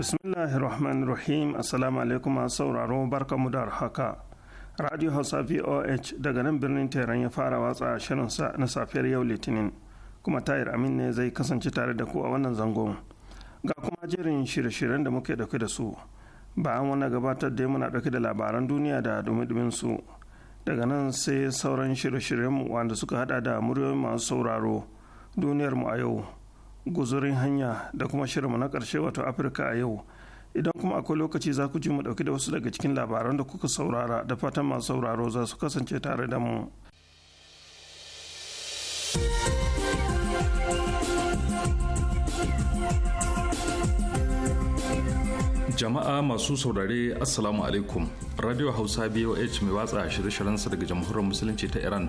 Bismillahirrahmanirrahim Assalamu alaikum a sauraro mu da haka. Radio Hausa VOH daga nan birnin Tehran ya fara watsa shirinsa na safiyar yau Litinin kuma tayar Amin ne zai kasance tare da ku a wannan zangon. Ga kuma jerin shirye-shiryen da muke dauke da su. Bayan wani gabatar da muna dauke da labaran duniya da dumi su. Daga nan sai sauran shirye-shiryenmu wanda suka hada da muryoyin masu sauraro duniyarmu a yau. guzurin hanya da kuma shirinmu na ƙarshe wato afirka a yau idan kuma akwai lokaci za ku ji mu ɗauki da wasu daga cikin labaran da kuka saurara da fatan masu sauraro za su kasance tare da mu jama'a masu saurare assalamu alaikum radio hausa boh mai watsa shirye-shiryensa daga jamhuriyar musulunci ta iran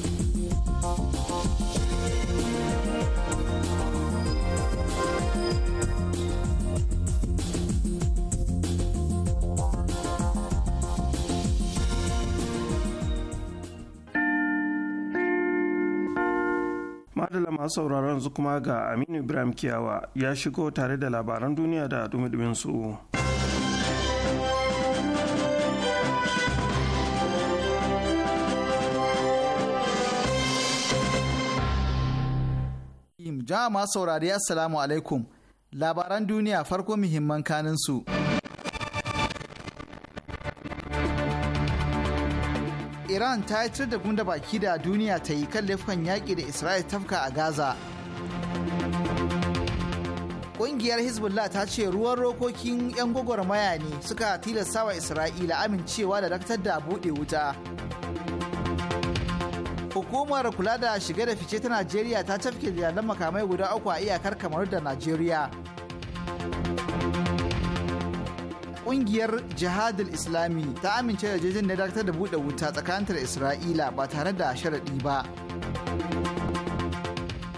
adala masu sauraron su kuma ga aminu ibrahim kiyawa ya shigo tare da labaran duniya da dumi su. jama'a saurari assalamu alaikum labaran duniya farko muhimman kanin su. iran ta yi da gunda baki da duniya ta yi kan laifukan yaƙi da isra'il tafka a gaza ƙungiyar hezbollah ta ce ruwan rokokin 'yan gwagwarmaya ne suka tilasta wa isra'ila amincewa da daktar da buɗe wuta hukumar kula da shiga da fice ta najeriya ta tafke da makamai guda uku a iyakar kamaru da najeriya kungiyar jihadul islami ta amince da jejin da dakatar da buɗe wuta da isra'ila ba tare da sharaɗi ba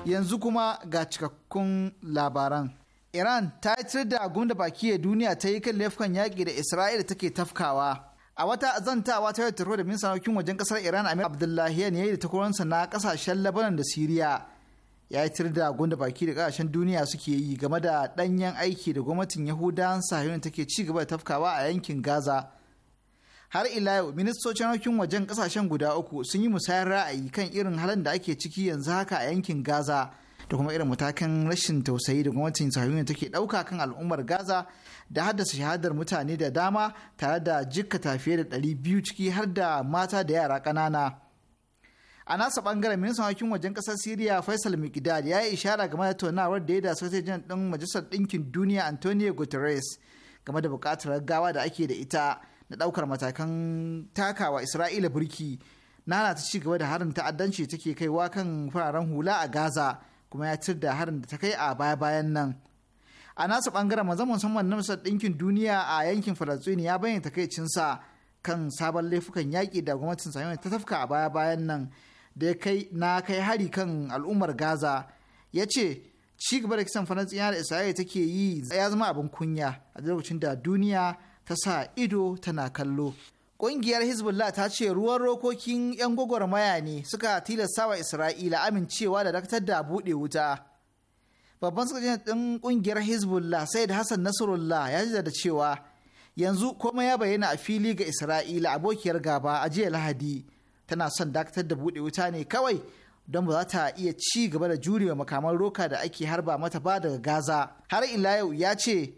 yanzu kuma ga cikakkun labaran iran ta yi da gunda baki ya duniya ta yi kan laifukan yaƙi da isra'ila take tafkawa a wata zantawa ta taro da min wajen kasar iran amir abdullahi ya yi da takwaransa na kasashen labanan da siriya ya yi tir da gunda baki da kasashen duniya suke yi game da danyen aiki da gwamnatin yahudan sahiyun take ci gaba da tafkawa a yankin gaza har ila yau ministocin harkokin wajen kasashen guda uku sun yi musayar ra'ayi kan irin halin da ake ciki yanzu haka a yankin gaza da kuma irin matakan rashin tausayi da gwamnatin sahiyun take ɗauka kan al'ummar gaza da haddasa shahadar mutane da dama tare da jikkata fiye da ɗari biyu ciki har da mata da yara ƙanana a nasa bangaren ministan hakim wajen kasar siriya faisal mikdad ya yi ishara game da tonawar da ya da sojojin din majalisar ɗinkin duniya antonio guterres game da buƙatar gawa da ake da ita na ɗaukar matakan takawa isra'ila burki nana ta ci gaba da harin ta'addanci take kaiwa kan fararen hula a gaza kuma ya cir da harin da ta kai a baya bayan nan a nasa bangaren mazan musamman na masar ɗinkin duniya a yankin falastini ya bayyana takaicinsa kan sabon laifukan yaƙi da gwamnatin sami ta tafka a baya bayan nan da kai na kai hari kan al'ummar gaza ya ce ci gaba da kisan yana da isra'ila take yi ya zama abin kunya a lokacin da duniya ta sa ido tana kallo ƙungiyar hezbollah ta ce ruwan rokokin 'yan gwagwarmaya ne suka tilasta wa isra'ila amincewa da dakatar da buɗe wuta babban sakajin ɗin ƙungiyar hezbollah sai da hassan nasrullah ya da cewa yanzu komai ya bayyana a fili ga isra'ila abokiyar gaba a jiya lahadi tana son dakatar da buɗe wuta ne kawai don ba za ta iya ci gaba da jurewa makaman roka da ake harba mata ba daga Gaza. Har ila yau ya ce,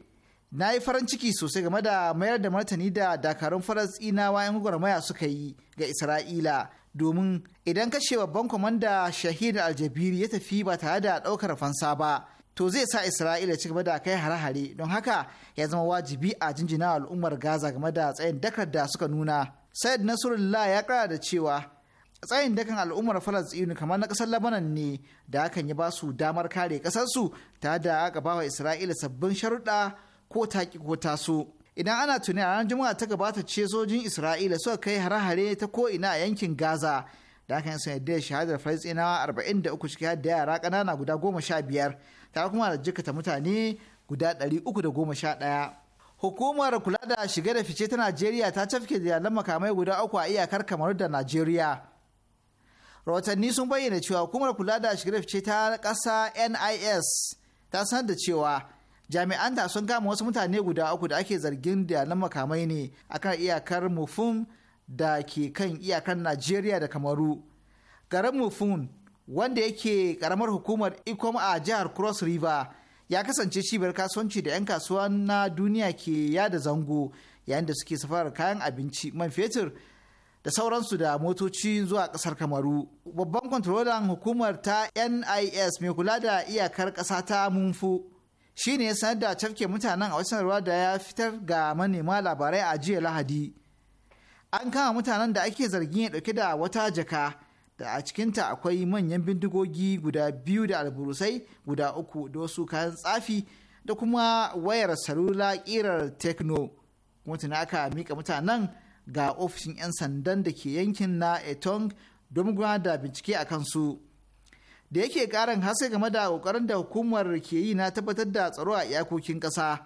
Na yi farin ciki sosai game da mayar da martani da dakarun Falasɗinawa 'yan gwagwarmaya suka yi ga Isra'ila domin idan kashe babban kwamanda Shahid Aljabiri ya tafi ba tare da ɗaukar fansa ba. To zai sa Isra'ila ci gaba da kai hare-hare don haka ya zama wajibi a jinjina al'ummar Gaza game da tsayin dakar da suka nuna. Said Nasrullah ya kara da cewa tsayin dakan al'ummar Falasɗinu kamar na ƙasar Labanan ne da hakan ya ba su damar kare ƙasarsu ta da aka bawa Isra'ila sabbin sharuɗa ko taƙi ko taso. Idan ana tuni a ranar Juma'a ta gabata ce sojin Isra'ila suka kai hare-hare ta ko ina a yankin Gaza da hakan sun yadda shahadar Falasɗinawa arba'in da uku ciki da yara ƙanana guda goma sha biyar ta kuma da jikata mutane guda ɗari uku da goma sha ɗaya. Hukumar kula da shiga da fice ta Najeriya ta cafke da yalan makamai guda uku a iyakar kamaru da Najeriya. Rahotanni sun bayyana cewa hukumar kula da shige da fice ta ƙasa NIS ta sanar da cewa jami'an ta sun kama wasu mutane guda uku da ake zargin da makamai ne akan iyakar mufun da ke kan iyakar Najeriya da Kamaru. Garin mufun wanda yake karamar hukumar Ikom a jihar Cross River ya kasance cibiyar kasuwanci da 'yan kasuwa na duniya ke yada zango yayin da suke safarar kayan abinci man fetur da sauransu da motoci zuwa kasar kamaru babban kwantarolan hukumar ta nis mai kula da iyakar ƙasa ta munfu shi ne sanar da cafke mutanen a wasan ruwa da ya fitar ga manema labarai a jiya lahadi an kama mutanen da ake zargin ya dauke da wata jaka da a cikinta akwai manyan bindigogi guda biyu da alburusai guda uku da wasu kayan tsafi da kuma wayar salula kirar tekno kuma tuna aka mika mutanen ga ofishin 'yan sandan da ke yankin na etong don gudanar da bincike a kansu da yake karin haske game da kokarin da hukumar ke yi na tabbatar da tsaro a iyakokin ƙasa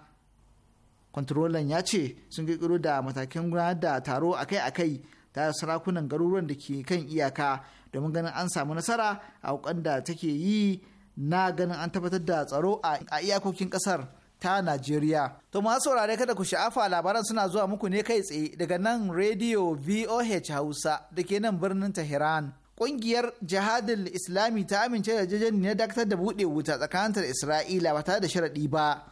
kwantarolan ya ce sun kirkiro da matakin gudanar da taro akai-akai ta sarakunan garuruwan da ke kan iyaka domin ganin an samu nasara a da take yi na ganin an tabbatar da tsaro a iyakokin kasar ta Najeriya. To masu saurare kada ku sha'afa labaran suna zuwa muku ne kai tsaye daga nan Radio VOH Hausa da ke nan birnin Tehran. Ƙungiyar Jihadin Islami ta amince da jajen ne dakatar da buɗe wuta tsakanin Isra'ila ba tare da sharaɗi ba.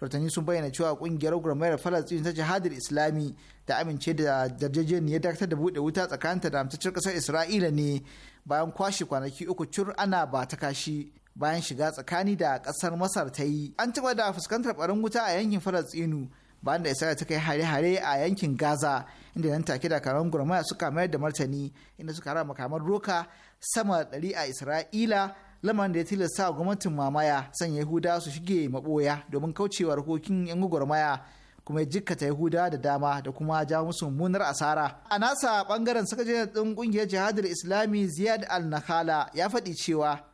rautani sun bayyana cewa kungiyar gwamnatin falastin ta jihadar islami ta amince da yarjejeniyar dakatar da buɗe wuta tsakaninta da amtacin ƙasar isra'ila ne bayan kwashe kwanaki uku cur ana ba ta kashi bayan shiga tsakani da ƙasar masar ta yi an taɓa da fuskantar barin wuta a yankin falastinu bayan da isra'ila ta kai hare-hare a yankin gaza inda nan take da dakarun gwamnati suka mayar da martani inda suka rama makamar roka sama da ɗari a isra'ila lamarin da ya tilasta gwamnatin mamaya sanya yahuda su shige maboya domin kaucewa harkokin yan gwagwarmaya kuma jikkata yahuda da dama da kuma ja musu munar asara a nasa bangaren sakataren din kungiyar jihadar islami ziyad al-nakhala ya faɗi cewa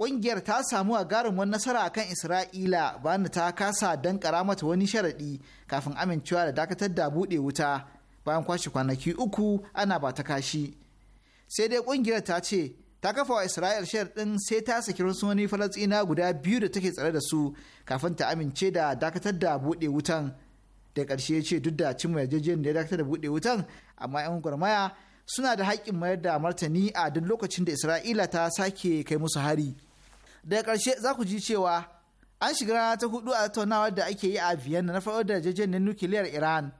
Ƙungiyar ta samu a wani nasara akan isra'ila bayan ta kasa dankara mata wani sharaɗi kafin amincewa da dakatar da buɗe wuta bayan kwashe kwanaki uku ana ba ta kashi sai dai ƙungiyar ta ce ta kafa wa Isra'il shayar ɗin sai ta saki rusunoni falastina guda biyu da take tsare da su kafin ta amince da dakatar da buɗe wutan. Da ƙarshe ce duk da cin yarjejeniyar da ya dakatar da buɗe wutan amma 'yan gwarmaya suna da haƙƙin mayar da martani a duk lokacin da Isra'ila ta sake kai musu hari. Daga ƙarshe za ku ji cewa an shiga rana ta hudu a tattaunawar da ake yi a Vienna na farko da yarjejeniyar nukiliyar Iran.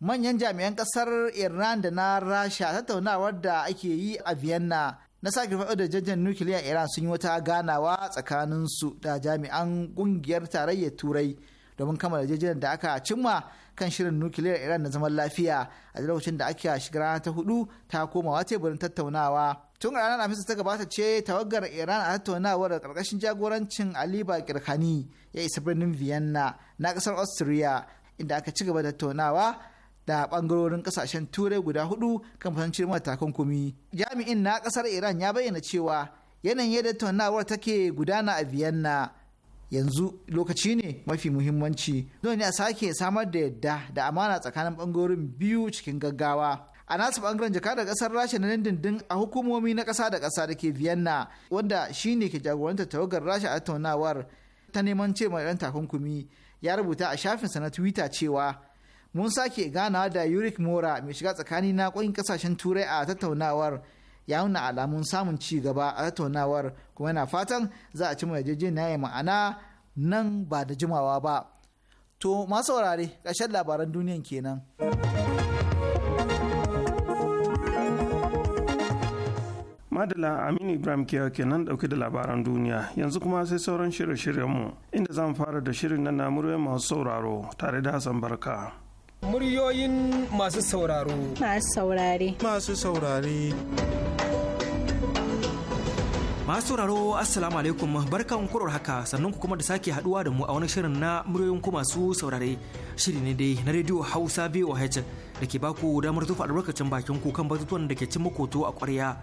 Manyan jami'an ƙasar Iran da na Rasha tattaunawar da ake yi a Vienna na sake faɗo da jajjan nukiliya iran sun yi wata ganawa tsakanin su da jami'an ƙungiyar tarayyar turai domin kammala jajjan da aka cimma kan shirin nukiliyar iran na zaman lafiya a lokacin da ake shiga rana ta hudu ta komawa teburin tattaunawa tun ranar alhamis ta gabata ce tawagar iran a tattaunawar karkashin jagorancin ali bakir khani ya isa birnin vienna na kasar austria inda aka ci gaba da tattaunawa da bangarorin kasashen turai guda hudu kan fasancin mata takunkumi jami'in na kasar iran ya bayyana cewa yanayin yadda tattaunawar take gudana a vienna yanzu lokaci ne mafi muhimmanci don ne a sake samar da yadda da amana tsakanin bangarorin biyu cikin gaggawa a nasu bangaren da kasar rasha na dindindin a hukumomi na kasa da kasa da ke vienna wanda shine ke jagorantar tawagar rasha a tattaunawar ta neman ce mai takunkumi ya rubuta a shafinsa na twitter cewa mun sake ganawa da yurik mora mai shiga tsakani na ƙungiyar kasashen turai a tattaunawar ya nuna alamun samun ci gaba a tattaunawar kuma yana fatan za a ci mu yarjejeniya ya ma'ana nan ba da jimawa ba to masu saurare ƙarshen labaran duniyan kenan. Madala Aminu Ibrahim Kiyawa nan dauke da labaran duniya yanzu kuma sai sauran shirye-shiryenmu inda zan fara da shirin na namuriyar masu sauraro tare da Hassan Barka. Muryoyin masu sauraro. Masu saurare. Masu saurare. Masu sauraro Assalamu alaikum barkan kurar haka sannan ku kuma da sake haduwa da mu a wani shirin na muryoyin ku masu saurare shiri ne dai na rediyo Hausa VOH da ke baku damar tufa albarkacin bakin ku kan batutuwan da ke cin makoto a kwarya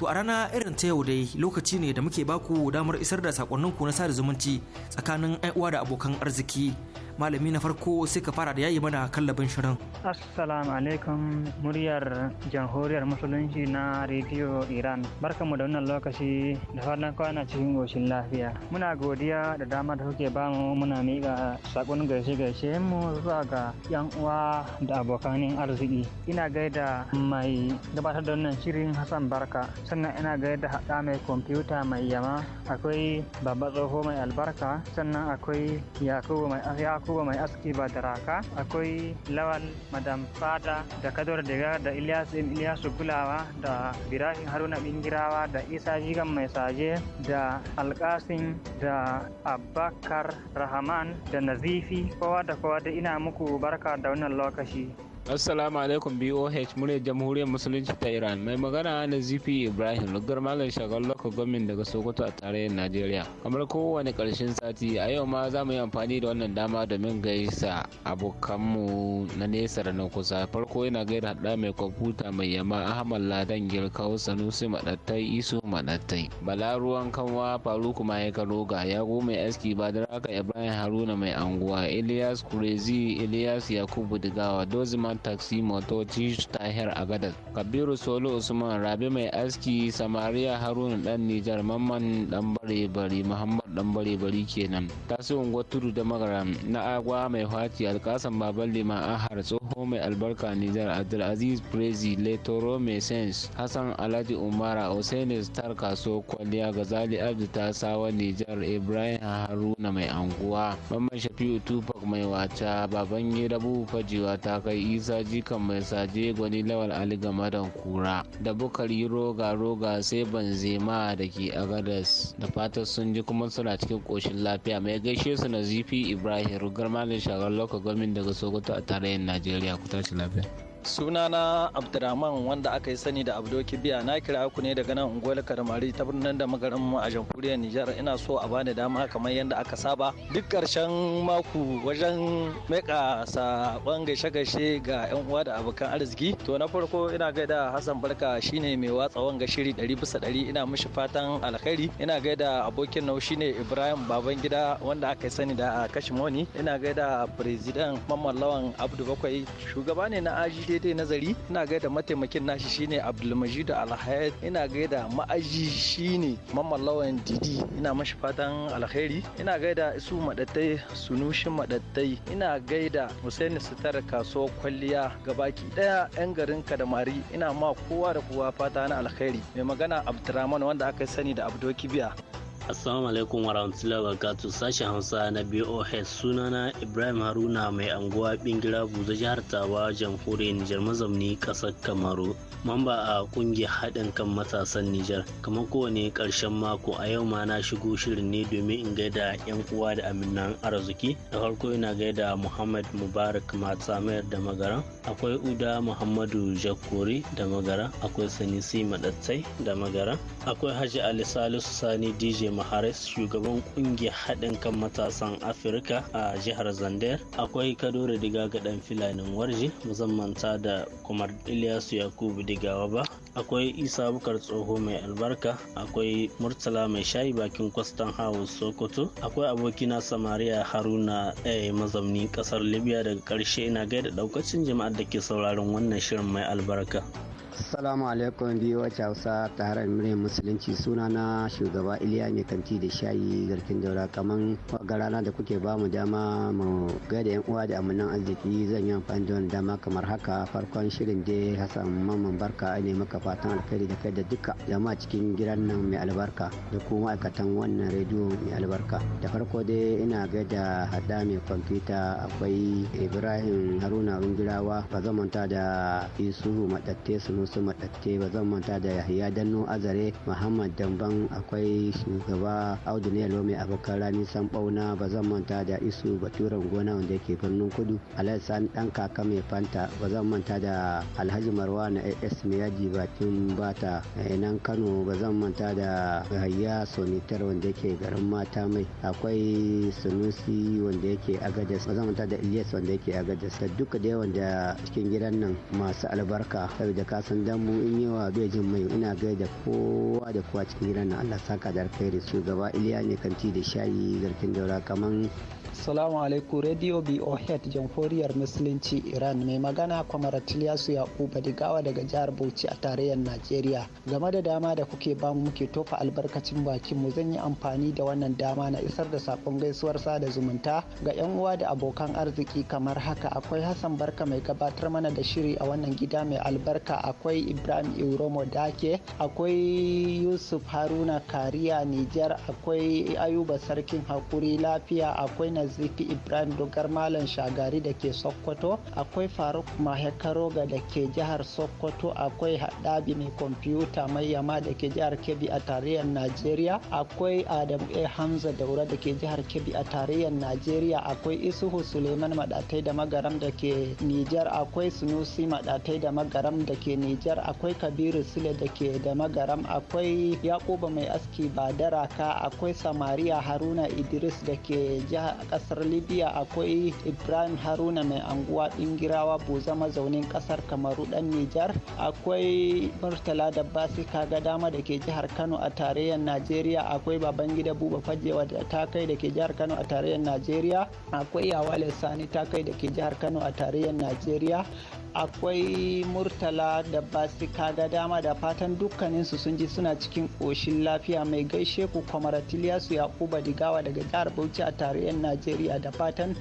To a rana irin ta yau dai lokaci ne da muke baku damar isar da ku na sada zumunci tsakanin uwa da abokan arziki. malami na farko sai ka fara da yayi mana kallabin shirin assalamu alaikum muryar jamhuriyar musulunci na rediyo iran barkanmu da wannan lokaci da fatan kwana cikin goshin lafiya muna godiya da dama da kuke bamu muna miƙa sakon gaishe gaishe mu zuwa ga yan uwa da abokanin arziki ina gaida mai gabatar da wannan shirin hassan barka sannan ina gaida haɗa mai kwamfuta mai yama akwai babba tsoho mai albarka sannan akwai yakubu mai yakuba mai aski ba da raka akwai lawal madam fada da kadar daga da ilyas ilyasu kulawa da birahim haruna bingirawa da isa jigan mai saje da alkasin da abakar rahaman da nazifi kowa da kowa da ina muku barka da wannan lokaci Assalamu alaikum BOH muryar jamhuriyar musulunci ta Iran mai magana na zifi Ibrahim lugar malam shagar lokacin government daga Sokoto a tarayyar Najeriya. Kamar kowane karshen sati a yau ma za mu yi amfani da wannan dama domin gaisa abokanmu na nesa da na kusa. Farko yana gaida hada mai kwamfuta mai yamma Ahmad Ladan Girkau Sanusi Madattai Isu Madattai. Bala ruwan kanwa Faruku Maheka Roga yago mai aski aka Ibrahim Haruna mai anguwa Ilyas Kurezi Ilyas Yakubu Digawa Dozima Usman Taxi Motoci Tahir gadar. Kabiru Solo Usman Rabi Mai Aski Samariya Haruna Dan Nijar Mamman Dan Bare Bari Muhammad dan bare bari kenan tasirin unguwar tudu da magaram na agwa mai faci alkasan baban liman ahar tsoho mai albarka nijar abdulaziz prezi letoro mai sens hassan alhaji umara hussein star kaso kwalliya gazali abdu ta sawa nijar ibrahim haruna mai anguwa mamman shafi'u tupac mai wata baban yi fajiwa ta kai isa jikan mai saje gwani lawal ali da kura da bukari roga roga sai ban banzema da ke agadas da fatan sun ji kuma sun kuna cikin koshin lafiya mai gaishe su na zifi ibrahim rugar malin shagar lokacin gwamnati daga sokoto a tarayyar najeriya ku tashi lafiya sunana abdurrahman wanda aka yi sani da abdo kibiya na kira ku ne daga nan unguwar karmari ta birnin da mu a jamhuriyar nijar ina so a bani dama kamar yadda aka saba duk ƙarshen mako wajen meka saƙon gaishe-gaishe ga yan uwa da abokan arziki to na farko ina gaida hassan barka shine mai watsa wanga shiri ɗari bisa ɗari ina mishi fatan alkhairi ina gaida abokin nau shine ibrahim baban gida wanda aka yi sani da kashimoni ina gaida president mamman lawan abdu bakwai shugaba ne na ajiye je nazari ina gaida mataimakin nashi shine Abdulmajid Alhayat ina gaida ma'aji shine Mamallawan Didi ina mashi fatan alkhairi ina gaida Isu Madattai Sunushin Madattai ina gaida husaini Sitar kasuwar kwalliya gabaki daya yan garin Kadamari ina ma kowa da kowa fata na alkhairi mai magana Abdurrahman wanda aka sani da Abdo Kibiya Assalamu alaikum wa rahmatullahi wa barakatuh sashen Hausa na BOH sunana Ibrahim Haruna mai anguwa bingira buza jihar Tawa jamhuriyar Nijar mazamni kasar Kamaru. Mamba a kungiyar haɗin kan matasan Nijar. Kamar kowane ƙarshen mako a yau ma na shigo shirin ne domin in gaida 'yan uwa da aminan arziki. Da farko ina gaida Muhammad Mubarak Matsamayar da Magara. Akwai Uda Muhammadu Jakori da Magara. Akwai Sanisi Madattai da Magara. Akwai Haji Ali Salisu Sani DJ maharis shugaban kungiyar haɗin kan matasan Afirka a jihar zander Akwai Kadore Diga ga ɗan filanin warji musamman ta da kumar Ilyasu Yakubu Digawa ba. Akwai Isa Bukar Tsoho mai albarka. Akwai Murtala mai shayi bakin kwastan House Sokoto. Akwai abokina Samaria Haruna eh, mazamni ƙasar Libya daga ƙarshe ina gaida ɗaukacin jama'ar da ke sauraron wannan shirin mai albarka. salamu alaikum biyu wacce Hausa ta harar musulunci suna na shugaba Iliya mai kanti da shayi garkin daura kaman ga rana da kuke ba mu dama mu gaida yan uwa da amanan arziki zan yi amfani da wani dama kamar haka farkon shirin dai Hassan Mamman Barka ne maka fatan alkhairi da kai da duka jama'a cikin gidan nan mai albarka da kuma ma'aikatan wannan rediyo mai albarka da farko dai ina gaida hada mai kwamfuta akwai Ibrahim Haruna Wingirawa ba zamanta da Isuhu Matattesu musu matatte ba zan manta da yahya danno azare muhammad damban akwai shugaba audu ne lome abokan rani san bauna ba zan manta da isu baturen gona wanda yake birnin kudu alhaji sani dan kaka mai fanta ba zan manta da alhaji Marwa, marwana as yaji bakin bata eh, nan kano ba zan manta da yahya sonitar wanda yake garin mata mai akwai sunusi wanda yake agadas ba zan manta da ilyas wanda yake agadas da duka da yawan da cikin gidan nan masu albarka saboda kasan san dambu in yawa bai jin mai ina gaida kowa da kowa cikin gidan na Allah saka da alkhairi shugaba Iliya ne kanti da shayi garkin daura kaman Assalamu alaikum Radio BOHead Jamhuriyar Musulunci Iran mai magana kwamar Tiliyasu Yakuba Digawa daga jihar Bauchi a tarayyar Najeriya. Game da dama da kuke ba mu muke tofa albarkacin bakin mu zan yi amfani da wannan dama na isar da sakon gaisuwar sada zumunta ga yan uwa da abokan arziki kamar haka akwai Hassan Barka mai gabatar mana da shiri a wannan gida mai albarka akwai Ibrahim Iromo Dake akwai Yusuf Haruna Kariya Nijar akwai Ayuba Sarkin Hakuri Lafiya akwai azifi ibrahim dogar malam shagari da ke sokoto akwai faruk mahekaroga da ke jihar sokoto akwai haɗabi mai kwamfuta mai yama da ke jihar kebbi a tarayyar najeriya akwai adam a hamza daura da ke jihar kebbi a tarayyar najeriya akwai isuhu suleiman madatai da magaram da ke nijar akwai sunusi maɗatai da magaram da ke nijar akwai kabiru sule da ke da magaram akwai yakuba mai aski badaraka akwai samariya haruna idris da ke jihar kasar libya akwai ibrahim haruna mai anguwa dingirawa buza mazaunin ƙasar kamaru ɗan nijar akwai murtala da basi kaga dama da ke jihar kano a tarayyar najeriya akwai babangida buba fajewa da ta kai da ke jihar kano a tarayyar najeriya akwai yawale sani ta kai da ke jihar kano a tarayyar najeriya akwai murtala da basika ga dama da fatan dukkaninsu sun ji suna cikin koshin lafiya mai gaishe ku kwamaratiliyasu yakuba digawa daga jihar bauchi a tarayyar najeriya da fatan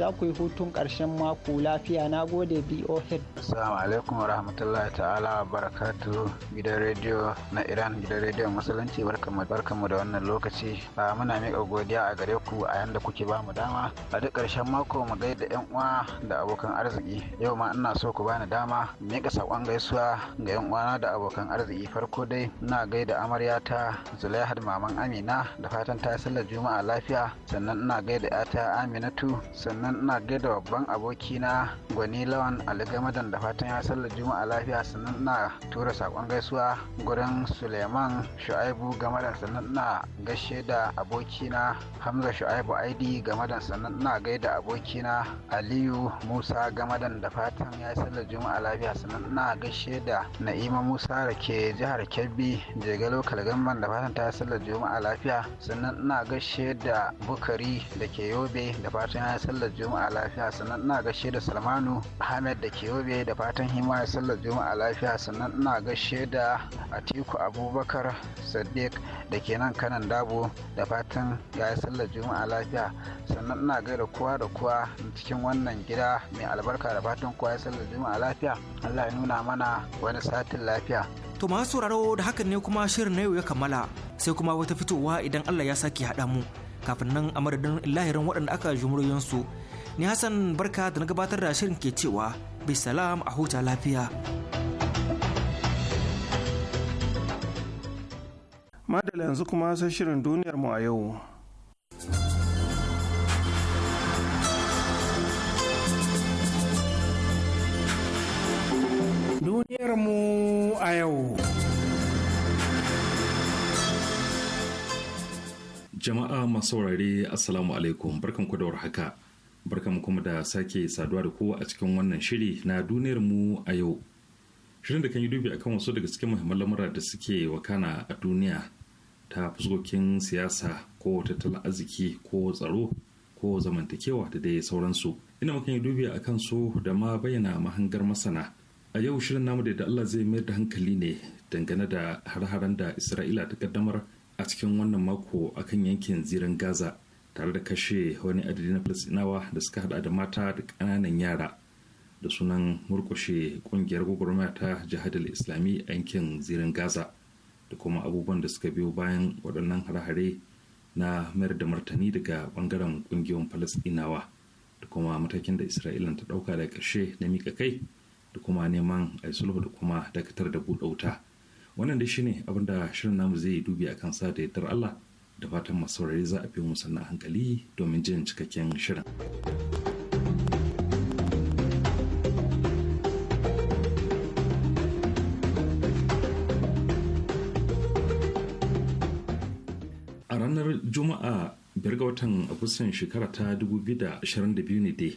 za ku yi hutun ƙarshen mako lafiya na gode boh assalamu alaikum wa rahmatullahi ta'ala wa barakatu gidan rediyo na iran gidan rediyo musulunci barkamu da wannan lokaci a muna miƙa godiya a gare ku a yanda kuke ba mu dama a duk ƙarshen mako mu gaida yan uwa da abokan arziki yau ma ina so ku bani dama miƙa saƙon gaisuwa ga yan uwana da abokan arziki farko dai ina gaida ta zulaihad maman amina da fatan ta sallar juma'a lafiya sannan ina gaida yata aminatu sannan nan ina gaida babban abokina gwani lawan aligamadan da fatan ya salla juma'a lafiya sannan ina tura sakon gaisuwa gurin suleiman shu'aibu gamadan sannan ina gaishe da abokina hamza shu'aibu aidi gamadan sannan ina gaida abokina aliyu musa gamadan da fatan ya salla juma'a lafiya sannan ina gaishe da na'ima musa da ke jihar kebbi jegalo kalgamban da fatan ta salla juma'a lafiya sannan ina gaishe da bukari da ke yobe da fatan ya sallar juma'a lafiya sannan ina gaishe da salmanu ahmed da kewabe da fatan ya sallar juma'a lafiya sannan ina gaishe da atiku abubakar sadiq da ke nan kanan dabo da fatan ya yi sallar juma'a lafiya sannan ina gaida kowa da kowa cikin wannan gida mai albarka da fatan kowa ya sallar juma'a lafiya allah ya nuna mana wani satin lafiya to masu sauraro da hakan ne kuma shirin na yau ya kammala sai kuma wata fitowa idan allah ya sake haɗa mu kafin nan a madadin lahirin waɗanda aka jumuriyansu ni hassan barka da na gabatar da shirin ke cewa bai salam a huta lafiya madala yanzu kuma sai shirin duniyar mu a yau duniyar mu a yau jama'a masu saurare assalamu alaikum barkan ku da warhaka haka barkamu kuma da sake saduwa da kowa a cikin wannan shiri na duniyar mu a yau shirin da kan yi dubi akan wasu daga cikin muhimman lamura da suke wakana a duniya ta fuskokin siyasa ko tattalin arziki ko tsaro ko zamantakewa da dai sauransu ina mukan yi dubi akan su da ma bayyana mahangar masana a yau shirin namu da Allah zai mayar da hankali ne dangane da har-haren da Isra'ila ta kaddamar a cikin wannan mako akan yankin zirin Gaza tare da kashe wani adadi na falasinawa da suka hada da mata da kananan yara da sunan murkushe ƙungiyar gwagwarmaya ta jihadar islami a yankin zirin gaza da kuma abubuwan da suka biyo bayan waɗannan hare-hare na mayar da martani daga ɓangaren ƙungiyoyin falasinawa da kuma matakin da isra'ila ta ɗauka da ƙarshe na mika kai da kuma neman a sulhu da kuma dakatar da buɗe wuta wannan da shine abin da shirin namu zai dubi a sa da yardar allah da fatan masu za a fi musu na hankali domin jin cikakken shirin. A ranar Juma'a biyar ga watan Agustan shekara ta 2022 ne dai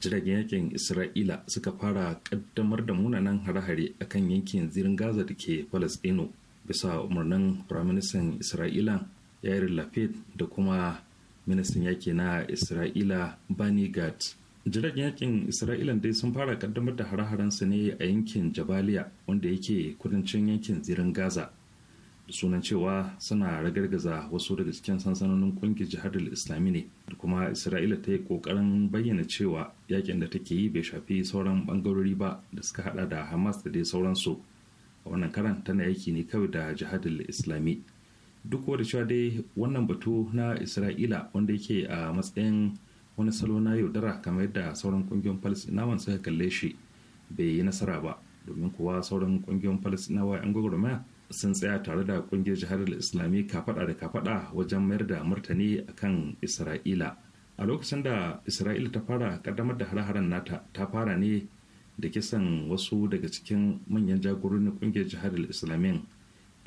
jiragen yakin Isra'ila suka fara kaddamar da munanan hare-hare akan yankin zirin Gaza da ke Falasɗinu bisa umarnin Firaministan Isra'ila yair lafid da kuma ministan yaki na isra'ila bani gat jiragen yakin isra'ila dai sun fara kaddamar da hare-harensu ne a yankin jabaliya wanda yake kudancin yankin zirin gaza da sunan cewa suna ragargaza wasu daga cikin sansanonin kungiyar jihadar islami ne da kuma isra'ila ta yi kokarin bayyana cewa yakin da take yi bai shafi sauran bangarori ba da suka hada da hamas da dai sauransu a wannan karan tana yaki ne kawai da jihadar islami duk da cewa dai wannan batu na isra'ila wanda yake a matsayin wani salo na yaudara kamar yadda sauran kungiyoyin palestinawan suka kalle shi bai yi nasara ba domin kuwa sauran kungiyoyin palestinawa yan gwagwarmaya sun tsaya tare da kungiyar jihar islami kafada da kafada wajen mayar da martani akan isra'ila a lokacin da isra'ila ta fara kaddamar da har haren nata ta fara ne da kisan wasu daga cikin manyan na kungiyar jihar islamin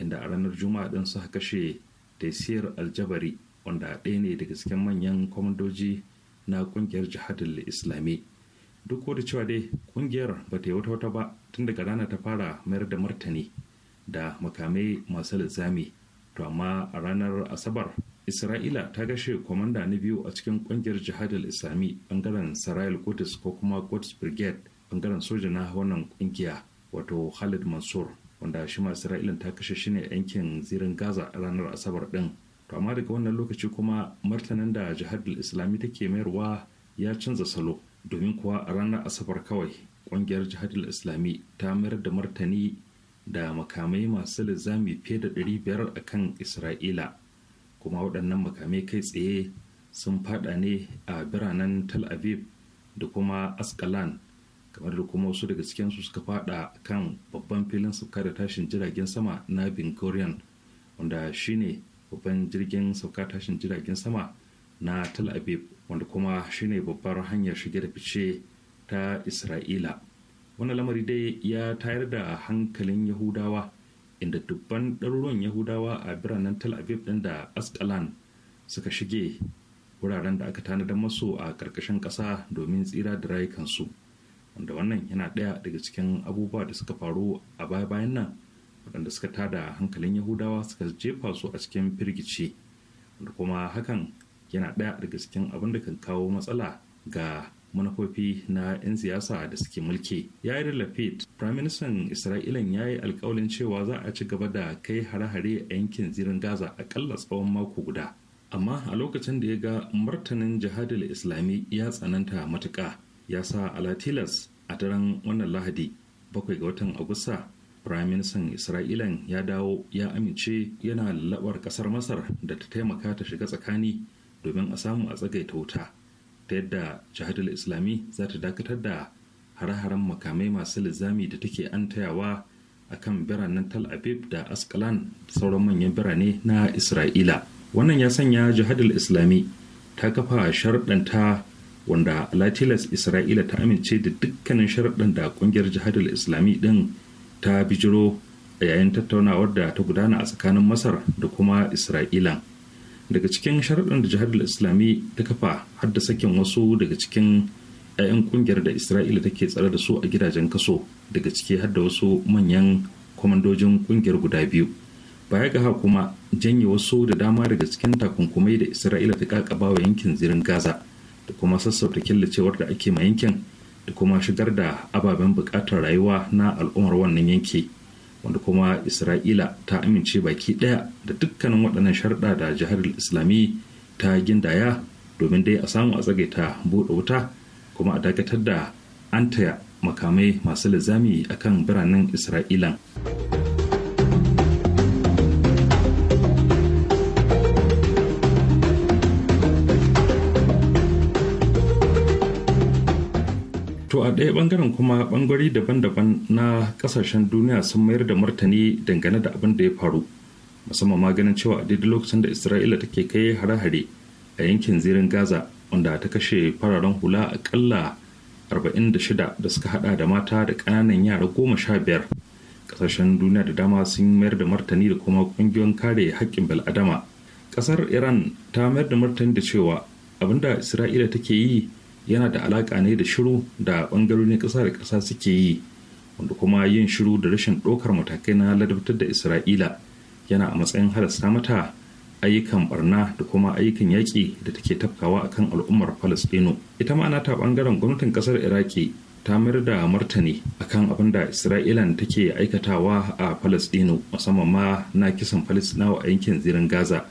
inda a ranar juma'a din suka kashe taisiyar aljabari wanda ɗaya ne daga cikin manyan kwamandoji na kungiyar jihadin islami duk da cewa dai kungiyar ba ta yi wata wata ba tun daga rana ta fara mayar da martani da makamai masu lizami to amma a ranar asabar isra'ila ta gashe kwamanda na biyu a cikin kungiyar jihadin islami bangaren sarayil kotis ko kuma kotis brigade bangaren soja na wannan kungiya wato khalid mansur wanda shi ma isra'ilin ta kashe shi ne yankin zirin gaza ranar asabar din to amma daga wannan lokaci kuma martanin da jihadul islami take mayarwa ya canza salo domin kuwa a ranar asabar kawai kungiyar jihadul islami ta mayar da martani da makamai masu lizami fiye da 500 a kan isra'ila kuma waɗannan makamai kai tsaye sun fada ne a biranen tel aviv da kuma askalan kamar da kuma wasu daga cikinsu suka fada kan babban filin sauka da tashin jiragen sama na bingorian wanda shine babban jirgin sauka tashin jiragen sama na tel aviv wanda kuma shine babbar hanyar shige da fice ta isra'ila wani lamari dai ya tayar da hankalin yahudawa inda dubban ɗaruruwan yahudawa a biranen tel aviv ɗin da askalan suka shige wuraren da aka tanadar masu a ƙarƙashin ƙasa domin tsira da rayukansu. su wanda wannan yana ɗaya daga cikin abubuwa da suka faru a baya bayan nan waɗanda suka tada hankalin yahudawa suka jefa su a cikin firgici wanda kuma hakan yana ɗaya daga cikin abin da kan kawo matsala ga manufofi na 'yan siyasa da suke mulki Ya yi lafit prime minister isra'ilan ya yi alkawalin cewa za a ci gaba da kai hare-hare a yankin zirin gaza akalla tsawon mako guda amma a lokacin da ya ga martanin jihadar islami ya tsananta matuka. ya sa alatilas a daren wannan lahadi bakwai ga watan agusta firaministan isra'ilan ya dawo ya amince yana labar kasar masar da ta taimaka ta shiga tsakani domin a samu a tsagaita wuta ta yadda jihadul islami za ta dakatar da hare-haren makamai masu lizami da take an tayawa a kan biranen tal Abib da askalan da sauran manyan birane na isra'ila wannan ya sanya jihadul islami ta kafa sharɗanta wanda alatilas isra'ila ta amince da dukkanin sharaɗin da ƙungiyar jihadar islami ɗin ta bijiro a yayin tattaunawar da ta gudana a tsakanin masar da kuma isra'ila daga cikin sharaɗin da jihadar islami ta kafa har da sakin wasu daga cikin 'ya'yan ƙungiyar da isra'ila take tsare da su a gidajen kaso daga ciki har da wasu manyan kwamandojin ƙungiyar guda biyu baya ga kuma janye wasu da dama daga cikin takunkumai da isra'ila ta kakaba yankin zirin gaza da kuma sassauta killacewar da ake ma yankin da kuma shigar da ababen bukatar rayuwa na al'ummar wannan yanki wanda kuma isra'ila ta amince baki ɗaya da dukkanin waɗannan sharɗa da jihar islami ta gindaya domin dai a samu a tsagaita buɗe wuta kuma a dakatar da an taya makamai masu lizami akan biranen isra'ilan. to a ɗaya ɓangaren kuma ɓangare daban-daban na ƙasashen duniya sun mayar da martani dangane da abin da ya faru musamman ma ganin cewa a daidai lokacin da isra'ila take kai hare-hare a yankin zirin gaza wanda ta kashe fararen hula a ƙalla 46 da suka haɗa da mata da ƙananan yara goma sha biyar ƙasashen duniya da dama sun mayar da martani da kuma ƙungiyoyin kare haƙƙin bil'adama ƙasar iran ta mayar da martani da cewa abin da isra'ila take yi yana da alaƙa ne da shiru da ɓangarorin ƙasa da ƙasa suke yi wanda kuma yin shiru da rashin ɗaukar matakai na ladabtar da isra'ila yana a matsayin halasta mata ayyukan barna da kuma ayyukan yaƙi da take tafkawa akan al'ummar falastino ita ma'ana ta ɓangaren gwamnatin ƙasar iraki ta mayar da martani akan abin da isra'ilan take aikatawa a falastino musamman ma na kisan falastinawa a yankin zirin gaza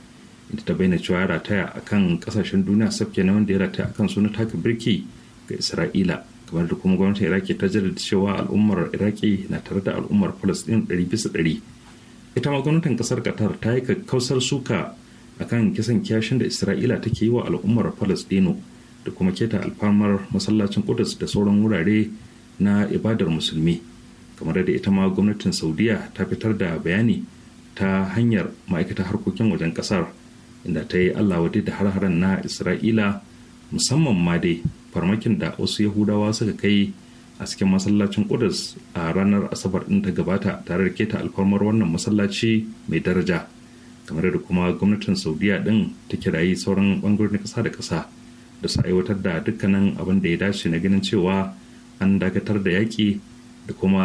inda ta bayyana cewa rataya kan kasashen duniya safke na wanda ya rataya akan kan suna taka birki ga isra'ila kamar da kuma gwamnatin iraki ta jaddada cewa al'ummar iraki na tare da al'ummar din ɗari bisa ɗari ita ma gwamnatin ƙasar qatar ta yi kakkausar suka a kan kisan kiyashin da isra'ila take yi wa al'ummar dino da kuma keta alfamar masallacin kudus da sauran wurare na ibadar musulmi kamar da ita ma gwamnatin saudiya ta fitar da bayani ta hanyar ma'aikatar harkokin wajen kasar inda ta yi allah wadai da har-haren na isra'ila musamman ma dai farmakin da wasu yahudawa suka kai a cikin masallacin kudus a ranar asabar ɗin ta gabata tare da keta alfarmar wannan masallaci mai daraja kamar da kuma gwamnatin saudiya ɗin ta kirayi sauran ɓangarorin ƙasa da ƙasa da su aiwatar da dukkanin abin da ya dace na ganin cewa an dakatar da yaƙi da kuma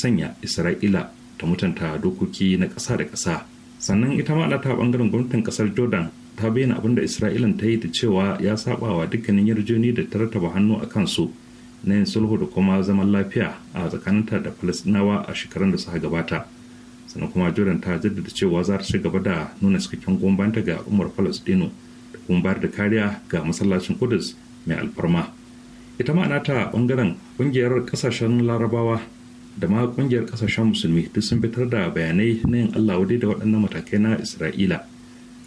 sanya isra'ila ta mutunta dokoki na ƙasa da ƙasa sannan ita ma ta bangaren gwamnatin kasar jordan ta bayyana abin da isra'ila ta yi da cewa ya saba wa dukkanin yarjejeni da ta rataba hannu a kansu na yin sulhu da kuma zaman lafiya a tsakaninta da falastinawa a shekarun da suka gabata sannan kuma jordan ta jaddada cewa za ta ci gaba da nuna cikakken gombanta ga umar falastino da kuma bayar da kariya ga masallacin kudus mai alfarma ita ma'ana ta bangaren kungiyar kasashen larabawa da ma kungiyar kasashen musulmi duk sun fitar da bayanai na yin allah wadai da waɗannan matakai na isra'ila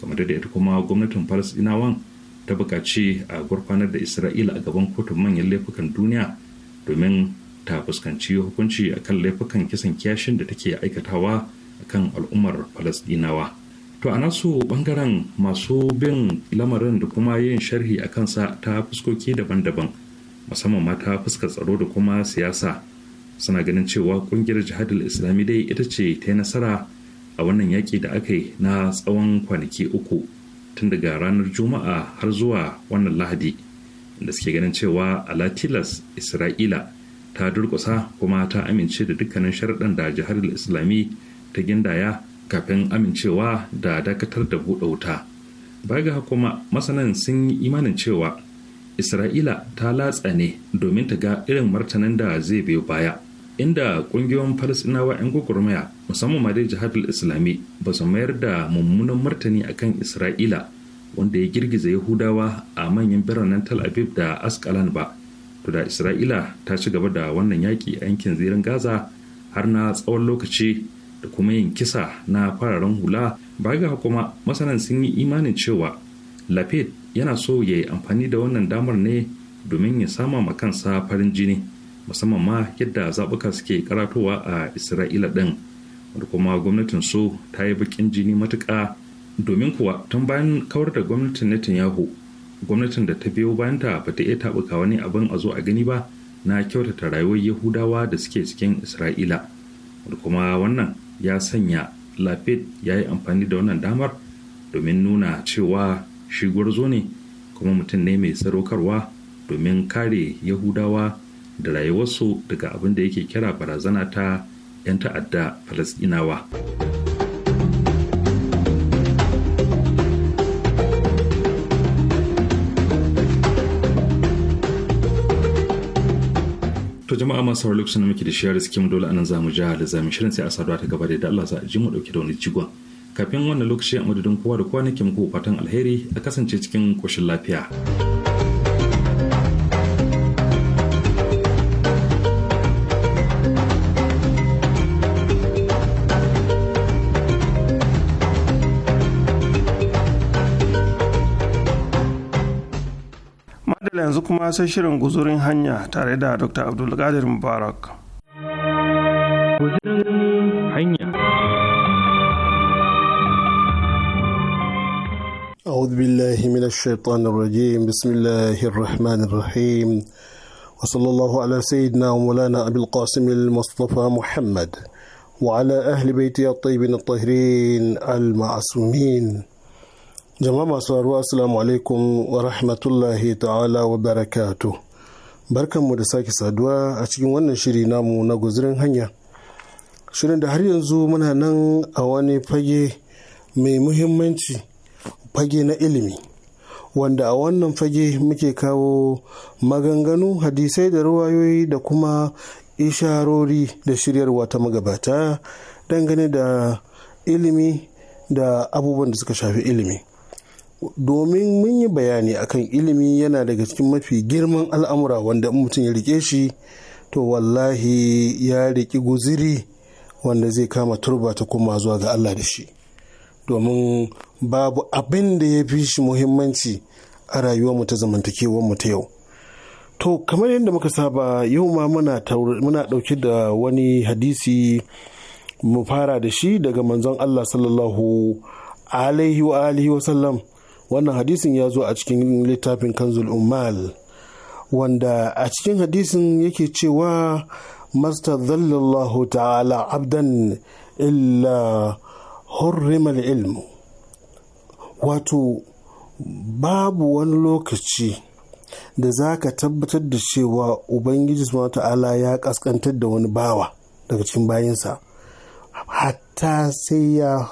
kamar da ita kuma gwamnatin falasɗinawan ta buƙaci a gurfanar da isra'ila a gaban kotun manyan laifukan duniya domin ta fuskanci hukunci akan laifukan kisan kiyashin da take aikatawa akan al'ummar falasɗinawa to a nasu bangaren masu bin lamarin da kuma yin sharhi a kansa ta fuskoki daban-daban musamman ma ta fuskar tsaro da kuma siyasa suna ganin cewa kungiyar jihadul islami dai ita ce ta yi nasara a wannan yaƙi da aka yi na tsawon kwanaki uku tun daga ranar juma'a har zuwa wannan lahadi da suke ganin cewa alatilas isra'ila ta durkusa kuma ta amince da dukkanin sharaɗin da jihadul islami ta gindaya kafin amincewa da dakatar da buɗe wuta baya ga kuma masanan sun yi imanin cewa isra'ila ta latsa ne domin ta ga irin martanin da zai biyo baya inda kungiyoyin falasinawa 'yan gwagwarmaya musamman ma dai jihadul islami ba su mayar da mummunan martani akan isra'ila wanda ya girgiza yahudawa a manyan biranen tal aviv da askalan ba to da isra'ila ta ci gaba da wannan yaƙi a yankin zirin gaza har na tsawon lokaci da kuma yin kisa na fararen hula ba ga kuma masanan sun yi imanin cewa lafid yana so ya yi amfani da wannan damar ne domin ya sama ma kansa farin jini musamman ma yadda zaɓuka suke karatowa a isra'ila ɗin wadda kuma gwamnatin su ta yi bakin jini matuka domin kuwa tun bayan kawar da gwamnatin netanyahu gwamnatin da ta biyo bayan ta bata iya taɓuka wani abin a zo a gani ba na kyautata rayuwar yahudawa da suke cikin isra'ila wadda kuma wannan ya sanya lafid ya yi amfani da wannan damar domin nuna cewa shi gwarzo ne kuma mutum ne mai sadaukarwa domin kare yahudawa da rayuwarsu daga abin da yake kira barazana ta 'yan ta'adda falasɗinawa. To jama'a masu sauran lokacin da muke da shiyar skim dole anan zamu ja da zamu shirin sai a saduwa ta gaba da yadda Allah za a ji mu dauki da wani jigon. Kafin wannan lokaci a madadin kowa da kowa nake muku fatan alheri a kasance cikin koshin lafiya. yanzu kuma sai shirin guzurin hanya tare da Dr. Abdulkadir Mubarak. أعوذ بالله من الشيطان الرجيم بسم الله الرحمن الرحيم وصلى الله على سيدنا ومولانا أبي القاسم المصطفى محمد وعلى أهل بيته الطيبين الطاهرين المعصومين jama'a masu haruwa assalamu alaikum wa rahmatullahi ta'ala wa barakatu barkanmu da sake saduwa a cikin wannan shiri namu na guzurin hanya shirin da har yanzu muna nan a wani fage mai muhimmanci fage na ilimi wanda a wannan fage muke kawo maganganu hadisai da ruwayoyi da kuma isharori da shiryarwa ta magabata dangane da ilimi da abubuwan da suka shafi ilimi domin mun yi bayani akan ilimi yana daga cikin mafi girman al'amura wanda mutum ya rike shi to wallahi ya riki guziri wanda zai kama turba ta koma zuwa ga Allah da shi domin babu abin da ya fi shi muhimmanci a rayuwarmu ta mu ta yau to kamar yadda muka saba yau ma muna ɗauki da wani hadisi mu fara da shi daga manzon Allah sallallahu alaihi wa alihi wa sallam wannan hadisin ya zo a cikin littafin kanzul ummal wanda a cikin hadisin yake cewa masta zallallahu ta'ala abdan illa hurrimal ilmu wato babu wani lokaci da za ka tabbatar da cewa ubangiji su ta'ala ya kaskantar da wani bawa daga cikin bayansa, hatta sai ya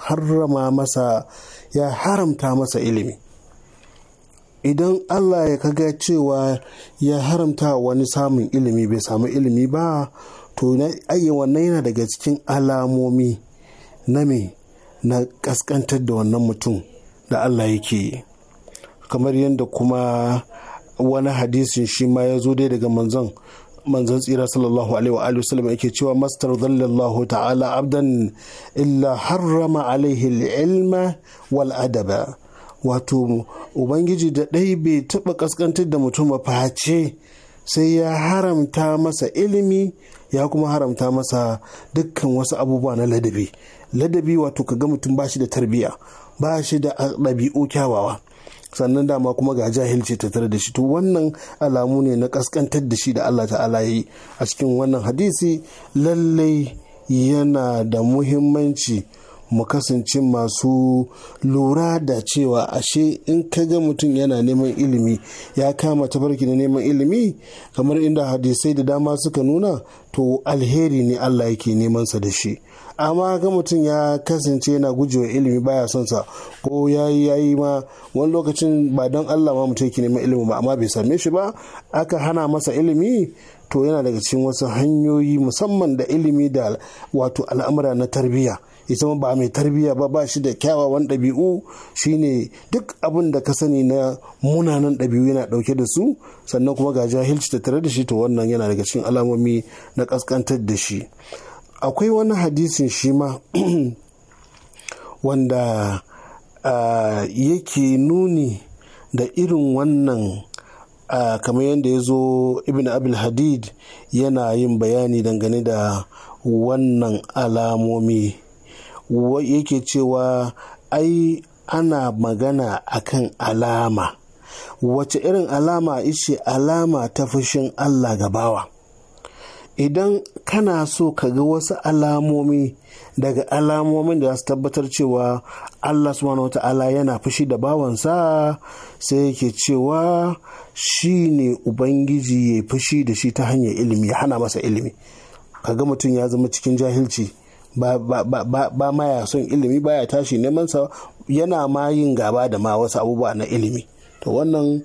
ya haramta masa ilimi idan Allah ya kaga cewa ya haramta wani samun ilimi bai samu ilimi ba to na wannan yana daga cikin alamomi na me na kaskantar da wannan mutum da Allah yake kamar yadda kuma wani hadisin shi ma ya zo dai daga manzon manzon tsira sallallahu alaihi wa wasallam yake cewa mastar zallallahu ta'ala abdan illa harrama alaihi ilma wal adaba wato ubangiji da ɗai bai taɓa ƙasƙantar da mutum ba face sai ya haramta masa ilimi ya kuma haramta masa dukkan wasu abubuwa na ladabi ladabi wato ka ga mutum ba shi da tarbiya ba shi da ɗabi'u kyawawa sannan dama kuma ga jahilci tare da shi to wannan alamu ne na ƙasƙantar da shi da allah ta'ala yi a cikin wannan hadisi lallai yana da muhimmanci mu kasance masu lura da cewa ashe in ka ga mutum yana neman ilimi ya kama tafarki na neman ilimi kamar inda hadisai da dama suka nuna to alheri ne Allah yake nemansa da shi amma ga mutum ya kasance yana gujewa ilimi baya son sa ko ya yi ya yi ma wani lokacin ba don Allah ma mutum yake neman ilimi ba amma bai same shi ba aka hana masa ilimi to yana daga cikin wasu hanyoyi musamman da ilimi da wato al'amura na tarbiyya ita ba mai tarbiyya ba ba shi da kyawawan ɗabi'u shine duk abin da ka sani na munanan ɗabi'u yana ɗauke da su sannan kuma ga jahilci da tare da shi to wannan yana daga cikin alamomi na ƙasƙantar da shi akwai wani hadisin shi ma wanda yake nuni da irin wannan kamar yadda ya zo ibn abul hadid yana yin bayani dangane da wannan alamomi yake cewa ai ana magana akan alama wace irin alama ishe alama ta fushin Allah gabawa idan kana so ka ga wasu alamomi daga alamomin da su tabbatar cewa Allah subhanahu wata'ala yana fushi da bawansa sai yake cewa shi ne ubangiji ya fushi da shi ta hanyar ilimi hana masa ilimi ka ga mutum ya zama cikin jahilci ba ma ya son ilimi ba ya tashi neman sa yana ma yin gaba da ma wasu abubuwa na ilimi to wannan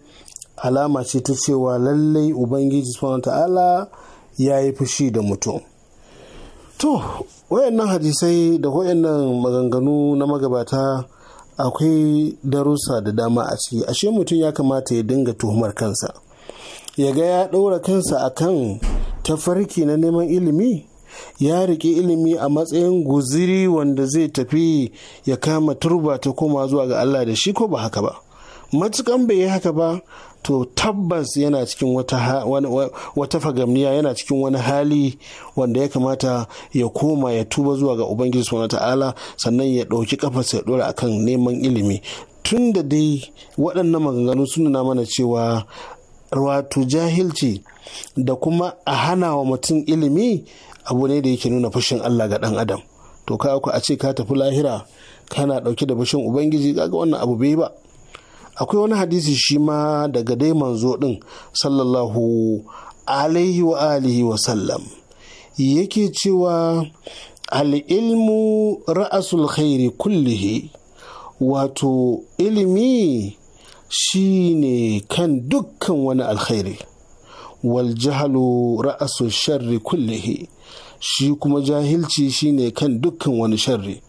alama ce ta cewa lallai ubangiji subhanahu ta'ala ya yi fushi da mutum to wayannan hadisai da wayannan maganganu na magabata akwai darussa da dama a ciki ashe mutum ya kamata ya dinga tuhumar kansa ya ga ya ɗora kansa akan tafarki na neman ilimi ya riƙe ilimi a matsayin guziri wanda zai tafi ya kama turba ta koma zuwa ga Allah da shi ko ba haka ba matukan bai yi haka ba to tabbas yana cikin wata, wata fagamniya yana cikin wani hali wanda ya kamata ya koma ya tuba zuwa ga ubangiji wa ta'ala sannan ya ɗauki kafarsa ya ɗora akan neman ilimi tun da dai waɗannan maganganu sun nuna mana cewa wato jahilci da kuma a hana wa mutum ilimi abu ne da yake nuna fushin Allah ga ɗan adam to ka ku a ce ka tafi lahira kana dauke da fushin ubangiji kaga wannan abu bai ba akwai wani hadisi shi ma daga dai manzo din sallallahu alaihi wa alihi wa sallam yake cewa al'ilmu ra'asul khairi kullihi wato ilimi shi ne kan dukkan wani alkhairi wal jahalu ra'asul sharri kullihi shi kuma jahilci shine kan dukkan wani sharri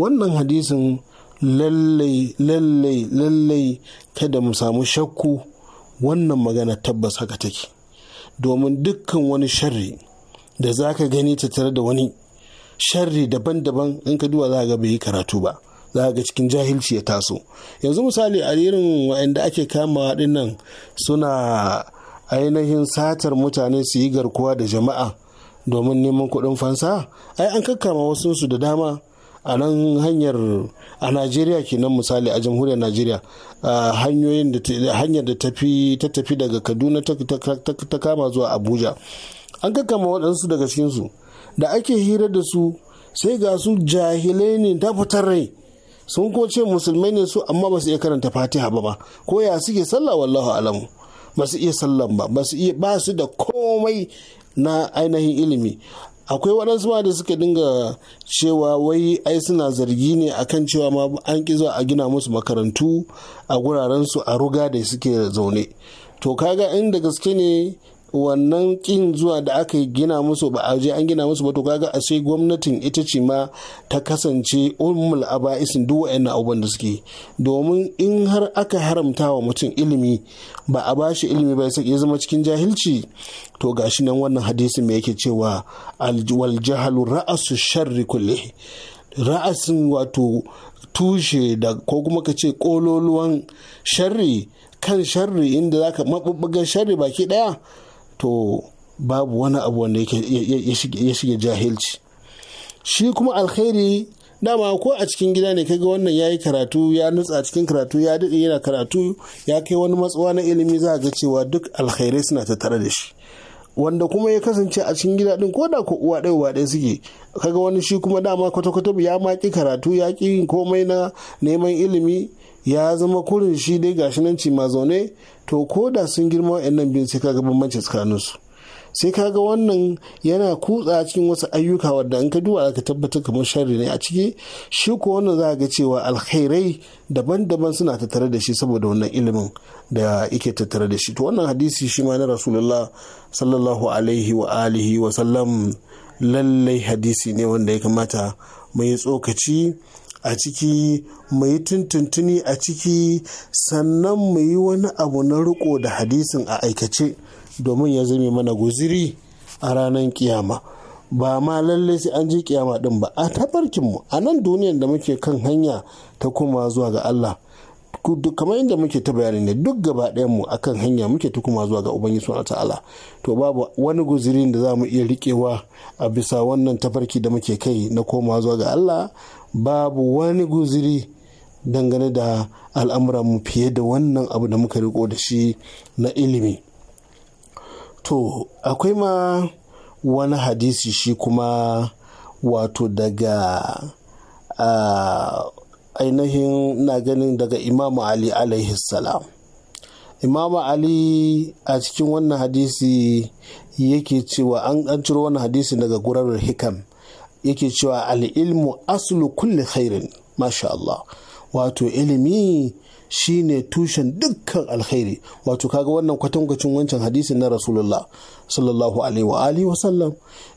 wannan hadisin lallai lallai lallai kada mu samu shakku wannan magana tabbas haka take domin dukkan wani sharri da za ka gani tare da wani sharri daban-daban in ka duba za ga bai yi karatu ba za ga cikin jahilci ya taso yanzu misali a irin waɗanda ake kama nan suna ainihin satar mutane su yi garkuwa da jama'a domin neman kuɗin fansa ai an kakkama wasu da dama a nan hanyar a najeriya kenan misali a jamhuriyar najeriya hanyoyin da hanyar da ta tafi daga kaduna ta kama zuwa abuja an kakkama waɗansu daga cikinsu da ake hira da su sai ga su jahilai ne ta fitar rai sun ko ce musulmai ne su amma ba su iya karanta fatiha ba ba ko ya suke sallah wallahu alamu ba su iya sallan ba ba su iya ba su da komai na ainihin ilimi akwai waɗansu ma da suka dinga cewa wai ai suna zargi ne akan cewa ma an ƙi zuwa a gina musu makarantu a guraren su a ruga da suke zaune to kaga inda gaske ne wannan kin zuwa da aka gina musu ba a je an gina musu ba to kaga a sai gwamnatin ita ce ma ta kasance ummul aba'isin duk wa'annan abubuwan da suke domin in har aka haramta wa mutum ilimi ba a bashi ilimi ba ya zama cikin jahilci to gashi nan wannan hadisin mai yake cewa wal jahalu ra'asu sharri kulli ra'asin wato tushe da ko kuma ka ce kololuwan sharri kan sharri inda zaka mabubbugan sharri baki daya to babu wani abu wanda ya shige jahilci shi kuma alkhairi dama ko a cikin gida ne kaga wannan ya yi karatu ya nutsa a cikin karatu ya daɗe yana karatu ya kai wani matsuwa na ilimi za ga cewa duk alkhairai suna tattare da shi wanda kuma ya kasance a cikin gida din ko da ko uwa ɗaya uwa ɗaya suke kaga wani shi kuma dama kwata-kwata ya maki karatu ya ƙi komai na neman ilimi ya zama kurin shi dai gashi nan ci zaune to ko da sun girma wa'annan biyu sai kaga bambanci su sai kaga wannan yana kutsa cikin wasu ayyuka wadda in ka duba ka tabbatar kamar sharri ne a ciki shi ko wannan za ga cewa alkhairai daban-daban suna tattare da shi saboda wannan ilimin da yake tattare da shi to wannan hadisi shi ma na rasulullah sallallahu alaihi wa alihi wa sallam lallai hadisi ne wanda ya kamata mai tsokaci a ciki mu yi tuntuntuni a ciki sannan mu yi wani abu na riko da hadisin a aikace domin ya zame mana guziri a ranar kiyama ba ma lalle sai an je kiyama din ba a mu a nan duniyan da muke kan hanya ta koma zuwa ga Allah kamar yadda muke ta bayani ne duk gaba ɗayan mu akan hanya muke ta kuma zuwa ga ubangiji subhanahu ta'ala to babu wani guzirin da za mu iya riƙewa a bisa wannan tafarki da muke kai na koma zuwa ga Allah babu wani guziri dangane da mu fiye da wannan abu da muka riko da shi na ilimi to akwai ma wani hadisi shi kuma wato daga ainihin na ganin daga imamu ali alaihi salam imamu ali a cikin wannan hadisi yake cewa an ciro wannan hadisi daga gurarar hikam yake cewa al'ilmu asulu kulli khairin masha Allah wato ilimi shine tushen dukkan alkhairi wato kaga wannan kwatankwacin wancan hadisi na rasulullah sallallahu alaihi wa alihi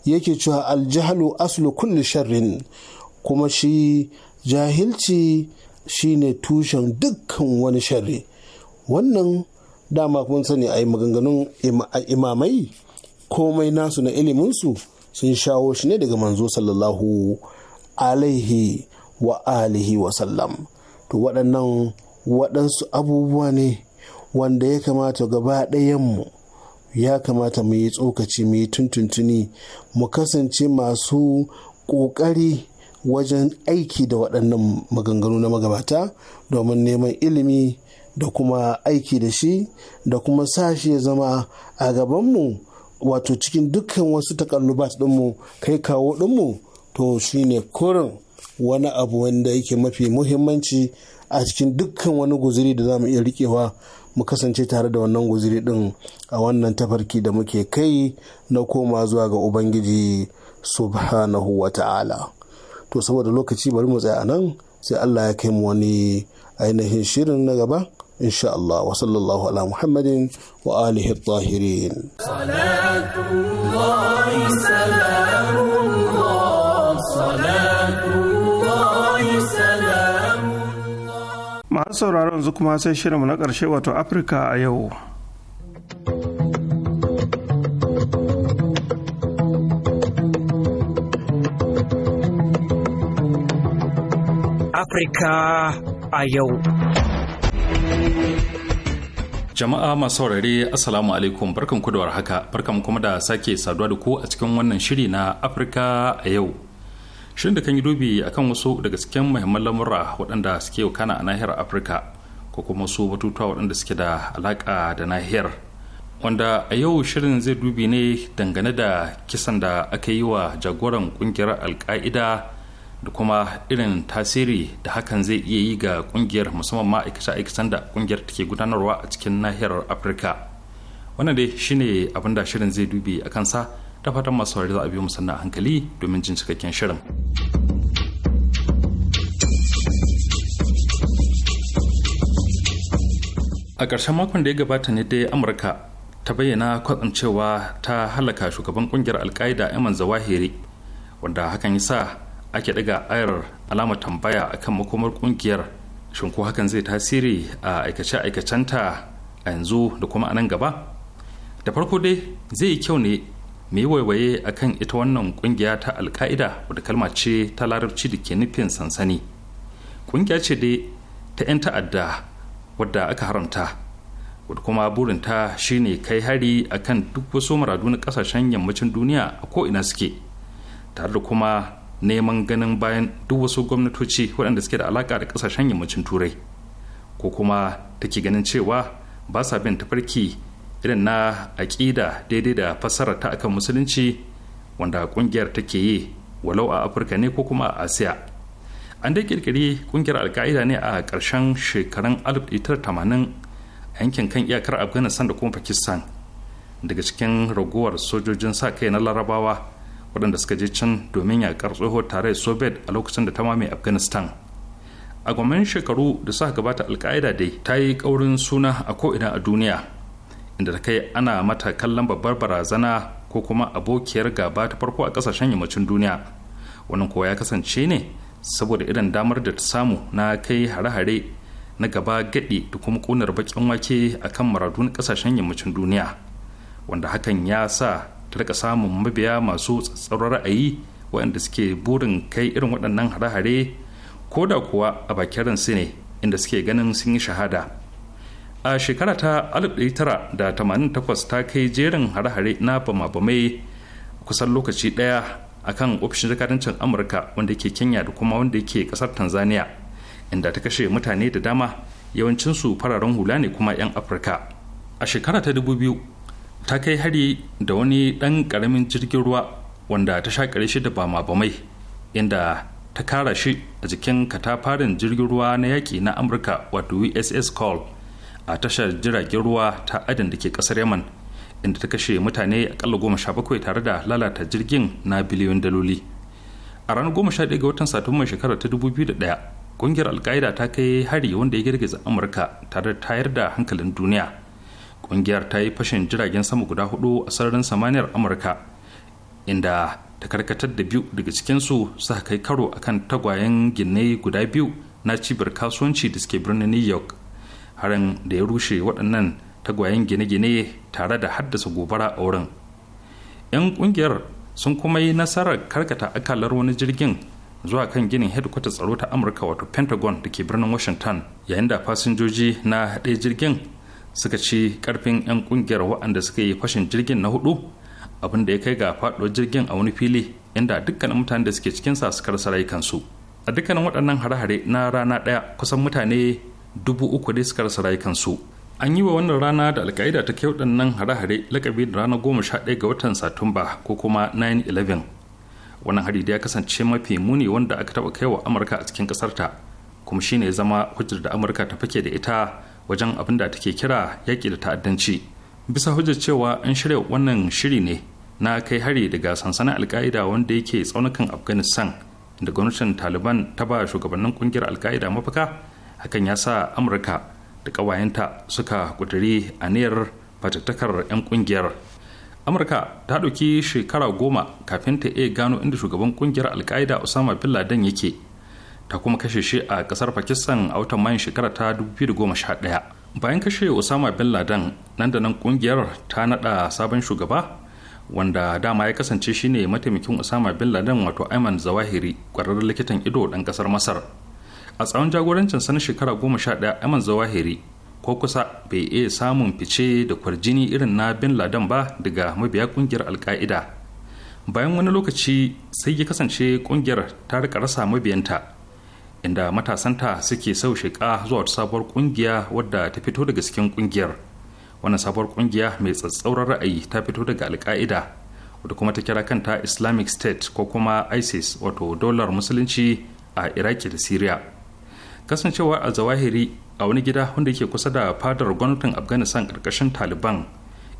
yake cewa aljahalu aslu kulli sharrin kuma shi jahilci shine tushen dukkan wani sharri wannan dama kun sani a yi maganganun imamai komai nasu na iliminsu sun shawo shi ne daga manzo sallallahu alaihi wa alihi wa sallam to waɗannan waɗansu abubuwa ne wanda ya kamata gaba ɗayanmu ya kamata mu yi tsokaci mu yi tuntuntuni mu kasance masu ƙoƙari wajen aiki da waɗannan maganganu na magabata domin neman ilimi da kuma aiki da shi da kuma sashi ya zama a gabanmu wato cikin dukkan wasu takallubat ɗinmu kai kawo ɗinmu to shine koren wani abu wanda yake mafi muhimmanci a cikin dukkan wani guziri da za mu iya riƙewa mu kasance tare da wannan guziri ɗin a wannan tafarki da muke kai na koma zuwa ga ubangiji subhanahu wa ta'ala to saboda lokaci bari mu tsaya anan nan sai allah ya kai mu wani ainihin shirin na gaba insha Allah wa sallallahu ala Muhammadin wa alihi tahirin masu sauraron yanzu kuma sai shirinmu na ƙarshe wato afirka a yau Afirka a yau. Jama'a masu saurare Assalamu alaikum barkan ku haka warhaka barkan kuma da sake saduwa da ku a cikin wannan shiri na Afirka a yau. Shirin da kan yi dubi akan wasu daga cikin muhimman lamura waɗanda suke wakana a nahiyar Afirka ko kuma wasu batutuwa waɗanda suke da alaƙa da nahiyar. Wanda a yau shirin zai dubi ne dangane da kisan da aka yi wa jagoran ƙungiyar Alƙa'ida da kuma irin tasiri da hakan zai iya yi ga kungiyar musamman ma aikace da kungiyar take gudanarwa a cikin nahiyar afirka wannan dai shine abin da shirin zai dubi a kansa ta fatan masu saurari za a biyo musanna hankali domin jin cikakken shirin a ƙarshen makon da ya gabata ne dai amurka ta bayyana kwatsancewa ta halaka shugaban kungiyar alkaida yaman zawahiri wanda hakan yasa ake daga ayar alamar tambaya akan makomar kungiyar shin ko hakan zai tasiri a aikace-aikacenta a yanzu da kuma a nan gaba da farko dai zai yi kyau ne mai yi waiwaye akan ita wannan kungiya ta alka'ida wadda kalma ce ta larabci da ke nufin sansani kungiya ce dai ta 'yan ta'adda wadda aka haramta wadda kuma burinta shine kai hari akan duk wasu maradu na kasashen yammacin duniya a ko'ina suke tare da kuma neman ganin bayan duk wasu gwamnatoci waɗanda suke da alaƙa da ƙasashen yammacin turai ko kuma take ganin cewa ba sa bin tafarki irin na aƙida daidai da fassarar ta akan musulunci wanda ƙungiyar take yi walau a afirka ne ko kuma a asiya an dai ƙirƙiri ƙungiyar alƙa'ida ne a ƙarshen shekarun 1980 yankin kan iyakar afghanistan da kuma pakistan daga cikin ragowar sojojin sa kai na larabawa waɗanda suka je can domin yaƙar tsohuwar tarayyar soviet a lokacin da ta mame afghanistan a gwamnan shekaru da suka gabata alka'ida dai ta yi ƙaurin suna a ko'ina a duniya inda ta kai ana mata kallon babbar barazana ko kuma abokiyar gaba ta farko a ƙasashen yammacin duniya wannan kuwa ya kasance ne saboda irin damar da ta samu na kai hare-hare na gaba gaɗe da kuma ƙunar baƙin wake a kan maradun ƙasashen yammacin duniya wanda hakan ya sa ta rika samun mabiya masu tsatsauran ra'ayi waɗanda suke burin kai irin waɗannan hare-hare ko da kuwa a bakin ransu ne inda suke ganin sun yi shahada a shekara ta 1988 ta kai jerin hare-hare na bama kusan lokaci ɗaya akan ofishin jakadancin amurka wanda ke kenya da kuma wanda ke ƙasar tanzania inda ta kashe mutane da dama yawancinsu fararen hula ne kuma 'yan afirka a shekara ta 2000 ta kai hari da wani ɗan ƙaramin jirgin ruwa wanda ta sha shi da bama bamai inda ta kara shi a jikin katafarin jirgin ruwa na yaki na amurka wato uss call a tashar jiragen ruwa ta adin da ke ƙasar yaman inda ta kashe mutane akalla goma sha bakwai tare da lalata jirgin na biliyon daloli a ranar goma sha ga watan satumba shekarar ta dubu biyu da ɗaya ƙungiyar alƙa'ida ta kai hari wanda ya girgiza amurka tare da tayar da hankalin duniya kungiyar ta yi fashin jiragen sama guda hudu a sararin samaniyar amurka inda ta karkatar da biyu daga cikinsu su kai karo akan tagwayen gine guda biyu na cibiyar kasuwanci da suke birnin new york harin da ya rushe waɗannan tagwayen gine-gine tare da haddasa gobara a wurin 'yan kungiyar sun kuma yi nasarar karkata akalar wani jirgin zuwa kan ginin hedikwatar tsaro ta amurka wato pentagon da ke birnin washington yayin da fasinjoji na ɗaya jirgin suka ci karfin 'yan kungiyar waɗanda suka yi fashin jirgin na hudu abin da ya kai ga faɗuwar jirgin a wani fili inda dukkanin mutanen da suke cikinsa suka rasa rayukansu a dukkanin waɗannan hare-hare na rana ɗaya kusan mutane dubu uku ne suka rasa rayukansu an yi wa wannan rana da alkaida ta kai waɗannan hare-hare lakabi da ranar goma sha ɗaya ga watan satumba ko kuma 9-11 wannan hari da ya kasance mafi muni wanda aka taɓa kai wa amurka a cikin ƙasarta kuma shine zama hujjar da amurka ta fake da ita wajen abin da take kira yaƙi da ta'addanci bisa hujjar cewa an shirya wannan shiri ne na kai hari daga sansanin alka'ida wanda yake tsaunukan afghanistan da gwamnatin taliban ta ba shugabannin ƙungiyar alka'ida mafaka hakan ya sa amurka da ƙawayenta suka kuduri aniyar fatattakar 'yan ƙungiyar amurka ta ɗauki shekara goma kafin ta iya gano inda shugaban kungiyar alka'ida osama bin laden yake ta kuma kashe shi a kasar pakistan a watan mayun shekara ta 2011 bayan kashe osama bin laden nan da nan kungiyar ta nada sabon shugaba wanda dama ya kasance shine mataimakin osama bin laden wato ayman zawahiri kwararren likitan ido dan kasar masar a tsawon jagorancin sana shekara sha 11 ayman zawahiri ko kusa bai iya samun fice da kwarjini irin na bin laden ba daga mabiya kungiyar alka'ida bayan wani lokaci sai ya kasance kungiyar ta rika rasa mabiyanta inda matasanta suke sau shiƙa zuwa sabuwar ƙungiya wadda ta fito daga cikin ƙungiyar wannan sabuwar ƙungiya mai tsatsauran ra'ayi ta fito daga alƙa'ida wadda kuma ta kira kanta islamic state ko kuma isis wato dolar musulunci a iraki da syria kasancewa a zawahiri a wani gida wanda ke kusa da fadar gwamnatin afghanistan karkashin taliban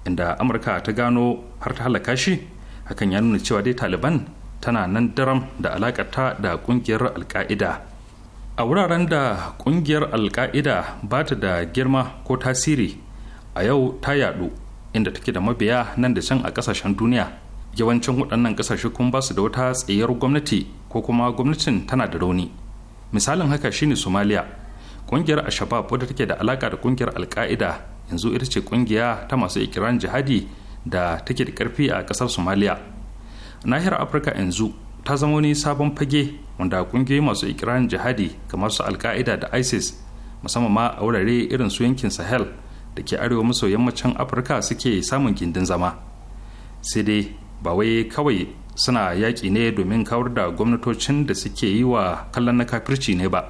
inda amurka ta gano har ta halaka shi hakan ya nuna cewa dai taliban tana nan daram da alakata da kungiyar alka'ida a wuraren da kungiyar alka'ida ba ta da girma ko tasiri a yau ta yadu inda take da mabiya nan da can a kasashen duniya yawancin waɗannan kasashe kun ba su da wata tsayar gwamnati ko kuma gwamnatin tana da rauni misalin haka shine somalia kungiyar ashabab wadda take da alaka da kungiyar alka'ida yanzu ita ce kungiya ta masu ikiran jihadi da take da karfi a kasar somalia nahiyar afirka yanzu ta zama wani sabon fage wanda kungiyoyi masu ikirarin jihadi kamar su alka'ida da isis musamman ma a wurare irin su yankin sahel da ke arewa maso yammacin afirka suke samun gindin zama sai dai ba wai kawai suna yaƙi ne domin kawar da gwamnatocin da suke yi wa kallon na kafirci ne ba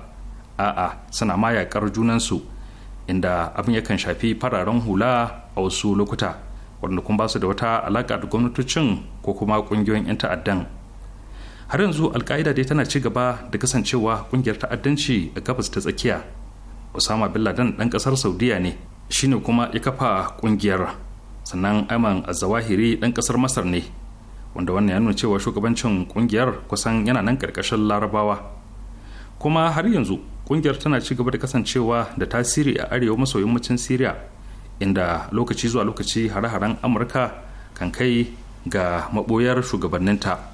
a'a suna ma yaƙar junansu inda abin yakan shafi fararen hula a wasu lokuta wanda kuma ba su da wata alaƙa da gwamnatocin ko kuma ƙungiyoyin 'yan ta'addan har yanzu alka'ida dai tana ci gaba da kasancewa ƙungiyar ta'addanci a gabas ta tsakiya osama bin laden dan ƙasar saudiya ne shine kuma ya kafa ƙungiyar sannan aiman azawahiri ɗan ƙasar masar ne wanda wannan ya nuna cewa shugabancin ƙungiyar kusan yana nan karkashin larabawa kuma har yanzu ƙungiyar tana ci gaba da kasancewa da tasiri a arewa maso yammacin syria inda lokaci zuwa lokaci hare-haren amurka kan kai ga maboyar shugabanninta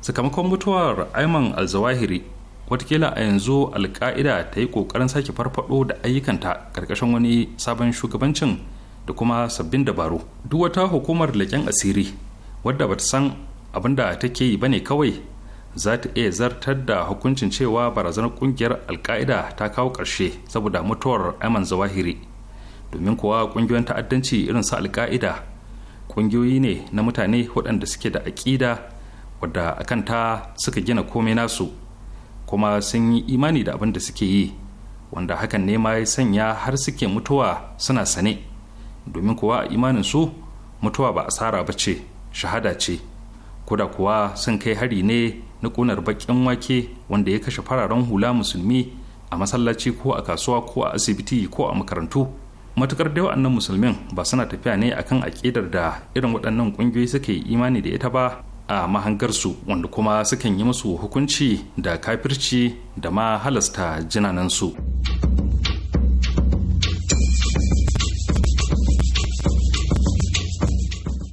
sakamakon mutuwar aiman alzawahiri watakila a yanzu alka'ida ta yi kokarin sake farfaɗo da ayyukanta karkashin wani sabon shugabancin da kuma sabbin dabaru duk wata hukumar leƙen asiri wadda bata san abin da take yi ba ne kawai za ta iya zartar da hukuncin cewa barazanar kungiyar alka'ida ta kawo ƙarshe saboda mutuwar aiman zawahiri domin kuwa ƙungiyoyin ta'addanci irin su alka'ida ƙungiyoyi ne na mutane waɗanda suke da aƙida wadda a kanta suka gina komai nasu kuma sun yi imani da abin da suke yi wanda hakan ne ma ya sanya har suke mutuwa suna sane domin kuwa a imanin su mutuwa ba asara ba ce shahada ce kuda kuwa sun kai hari ne na ƙunar baƙin wake wanda ya kashe fararen hula musulmi a masallaci ko a kasuwa ko a asibiti ko a makarantu matukar dai wa'annan musulmin ba suna tafiya ne akan aƙidar da irin waɗannan ƙungiyoyi suke imani da ita ba a mahangarsu wanda kuma sukan yi musu hukunci da kafirci da ma halasta jinanansu.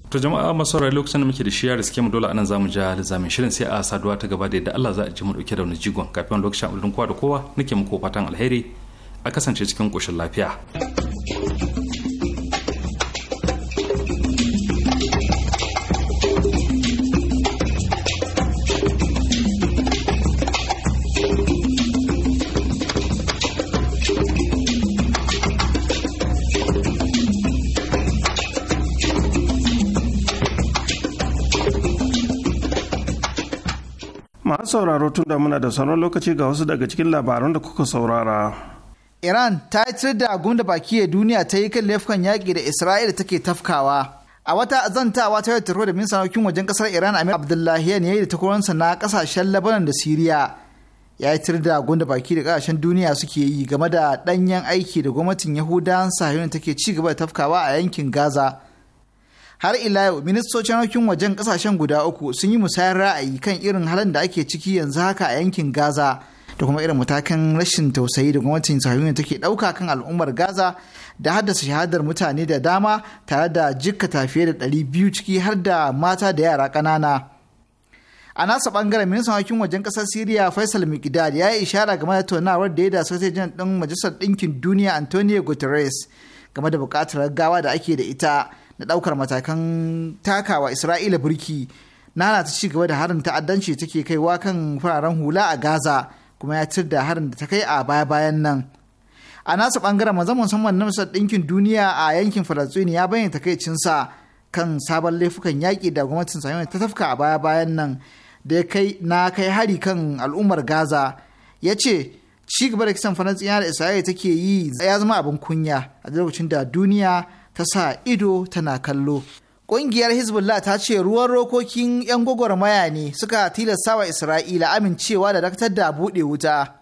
ta jama'a masu rai lokacin da muke da shiya da suke mu dole anan zamu ja lizamin shirin sai a saduwa ta gaba da yadda Allah za a ji mu dauke da wani jigon kafin lokacin abudin kowa da kowa nake muku fatan alheri a kasance cikin koshin lafiya. sauraro tun da muna da sauran lokaci ga wasu daga cikin labaran da kuka saurara. Iran ta yi da gumda baki ya duniya ta yi kan laifukan yaƙi da Isra'ila take tafkawa. A wata azantawa ta yau da minista harkokin wajen ƙasar Iran Amir abdullahi ya yi da takwaransa na kasashen Lebanon da Siriya. Ya yi da gunda baki da ƙasashen duniya suke yi game da ɗanyen aiki da gwamnatin Yahudan Sahiyun take ci gaba da tafkawa a yankin Gaza. har ila yau ministocin harkokin wajen kasashen guda uku sun yi musayar ra'ayi kan irin halin da ake ciki yanzu haka a yankin gaza da kuma irin matakan rashin tausayi da gwamnatin sahiyuniya take dauka kan al'ummar gaza da haddasa shahadar mutane da dama tare da jikkata fiye da ɗari biyu ciki har da mata da yara ƙanana a nasa bangaren ministan harkokin wajen ƙasar siriya faisal mikdad ya yi ishara game da tattaunawar da ya da sojojin ɗin majalisar ɗinkin duniya antonio guterres game da buƙatar gawa da ake da ita da ɗaukar matakan takawa isra'ila birki na ci gaba da harin ta'addanci take kaiwa kan fararen hula a gaza kuma ya cir da harin da ta kai a baya-bayan nan a nasa bangaren manzan musamman na misal ɗinkin duniya a yankin falastini ya bayyana sa kan sabon laifukan yaƙi da gwamnatin sami ta tafka a baya-bayan nan da kai na kai hari kan al'ummar gaza ya ce ci gaba da kisan falastina da isra'ila take yi ya zama abin kunya a lokacin da duniya ta sa ido tana kallo. Ƙungiyar Hezbollah ta ce ruwan rokokin 'yan gwagwarmaya ne suka tilasta wa Isra'ila amincewa da daktar da buɗe wuta.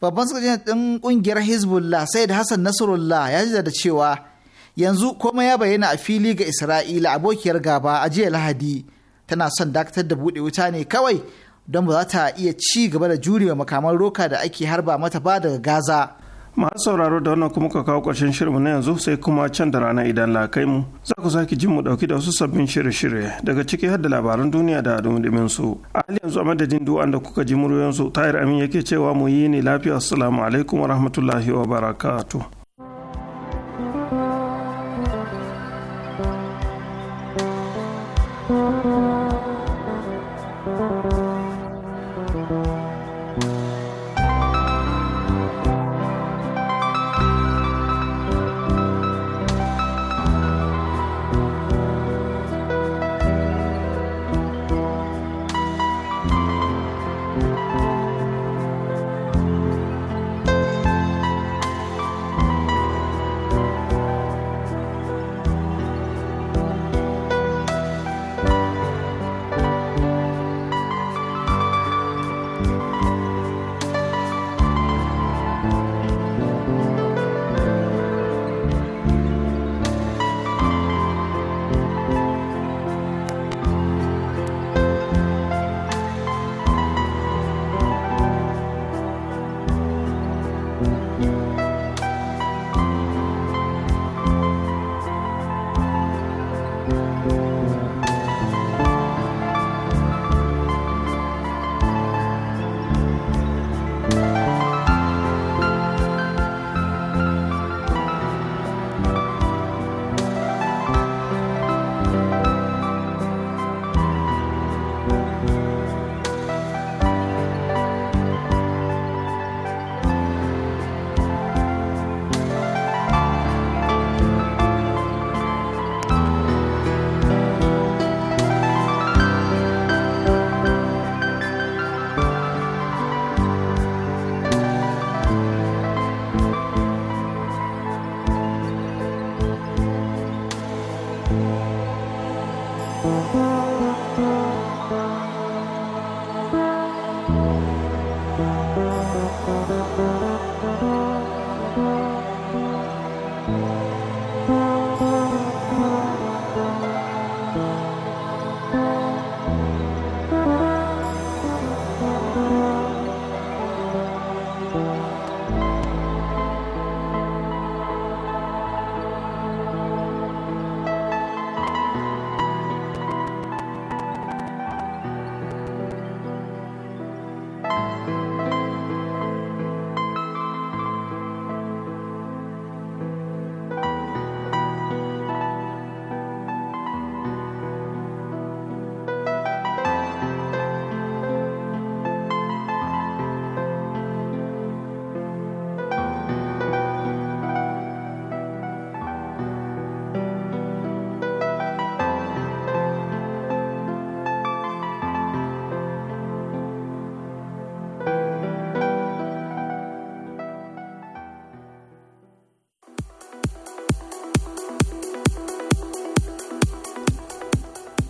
Babban sakajin ɗin ƙungiyar Hezbollah sai da Hassan Nasrullah ya ji da cewa yanzu komai ya bayyana a fili ga Isra'ila abokiyar gaba a jiya Lahadi tana son daktar da buɗe wuta ne kawai don ba za ta iya ci gaba da jurewa makaman roka da ake harba mata ba daga Gaza. masu sauraro da wannan kuma ka kawo ƙarshen shirinmu na yanzu sai kuma can da rana idan lakai mu za ku sake jin mu ɗauki da wasu sabbin shirye-shirye daga ciki har da labaran duniya da dumudumin su a hali yanzu a madadin du'an da kuka ji muryoyin su tayar amin yake cewa mu yi ne lafiya assalamu alaikum wa rahmatullahi wa barakatu.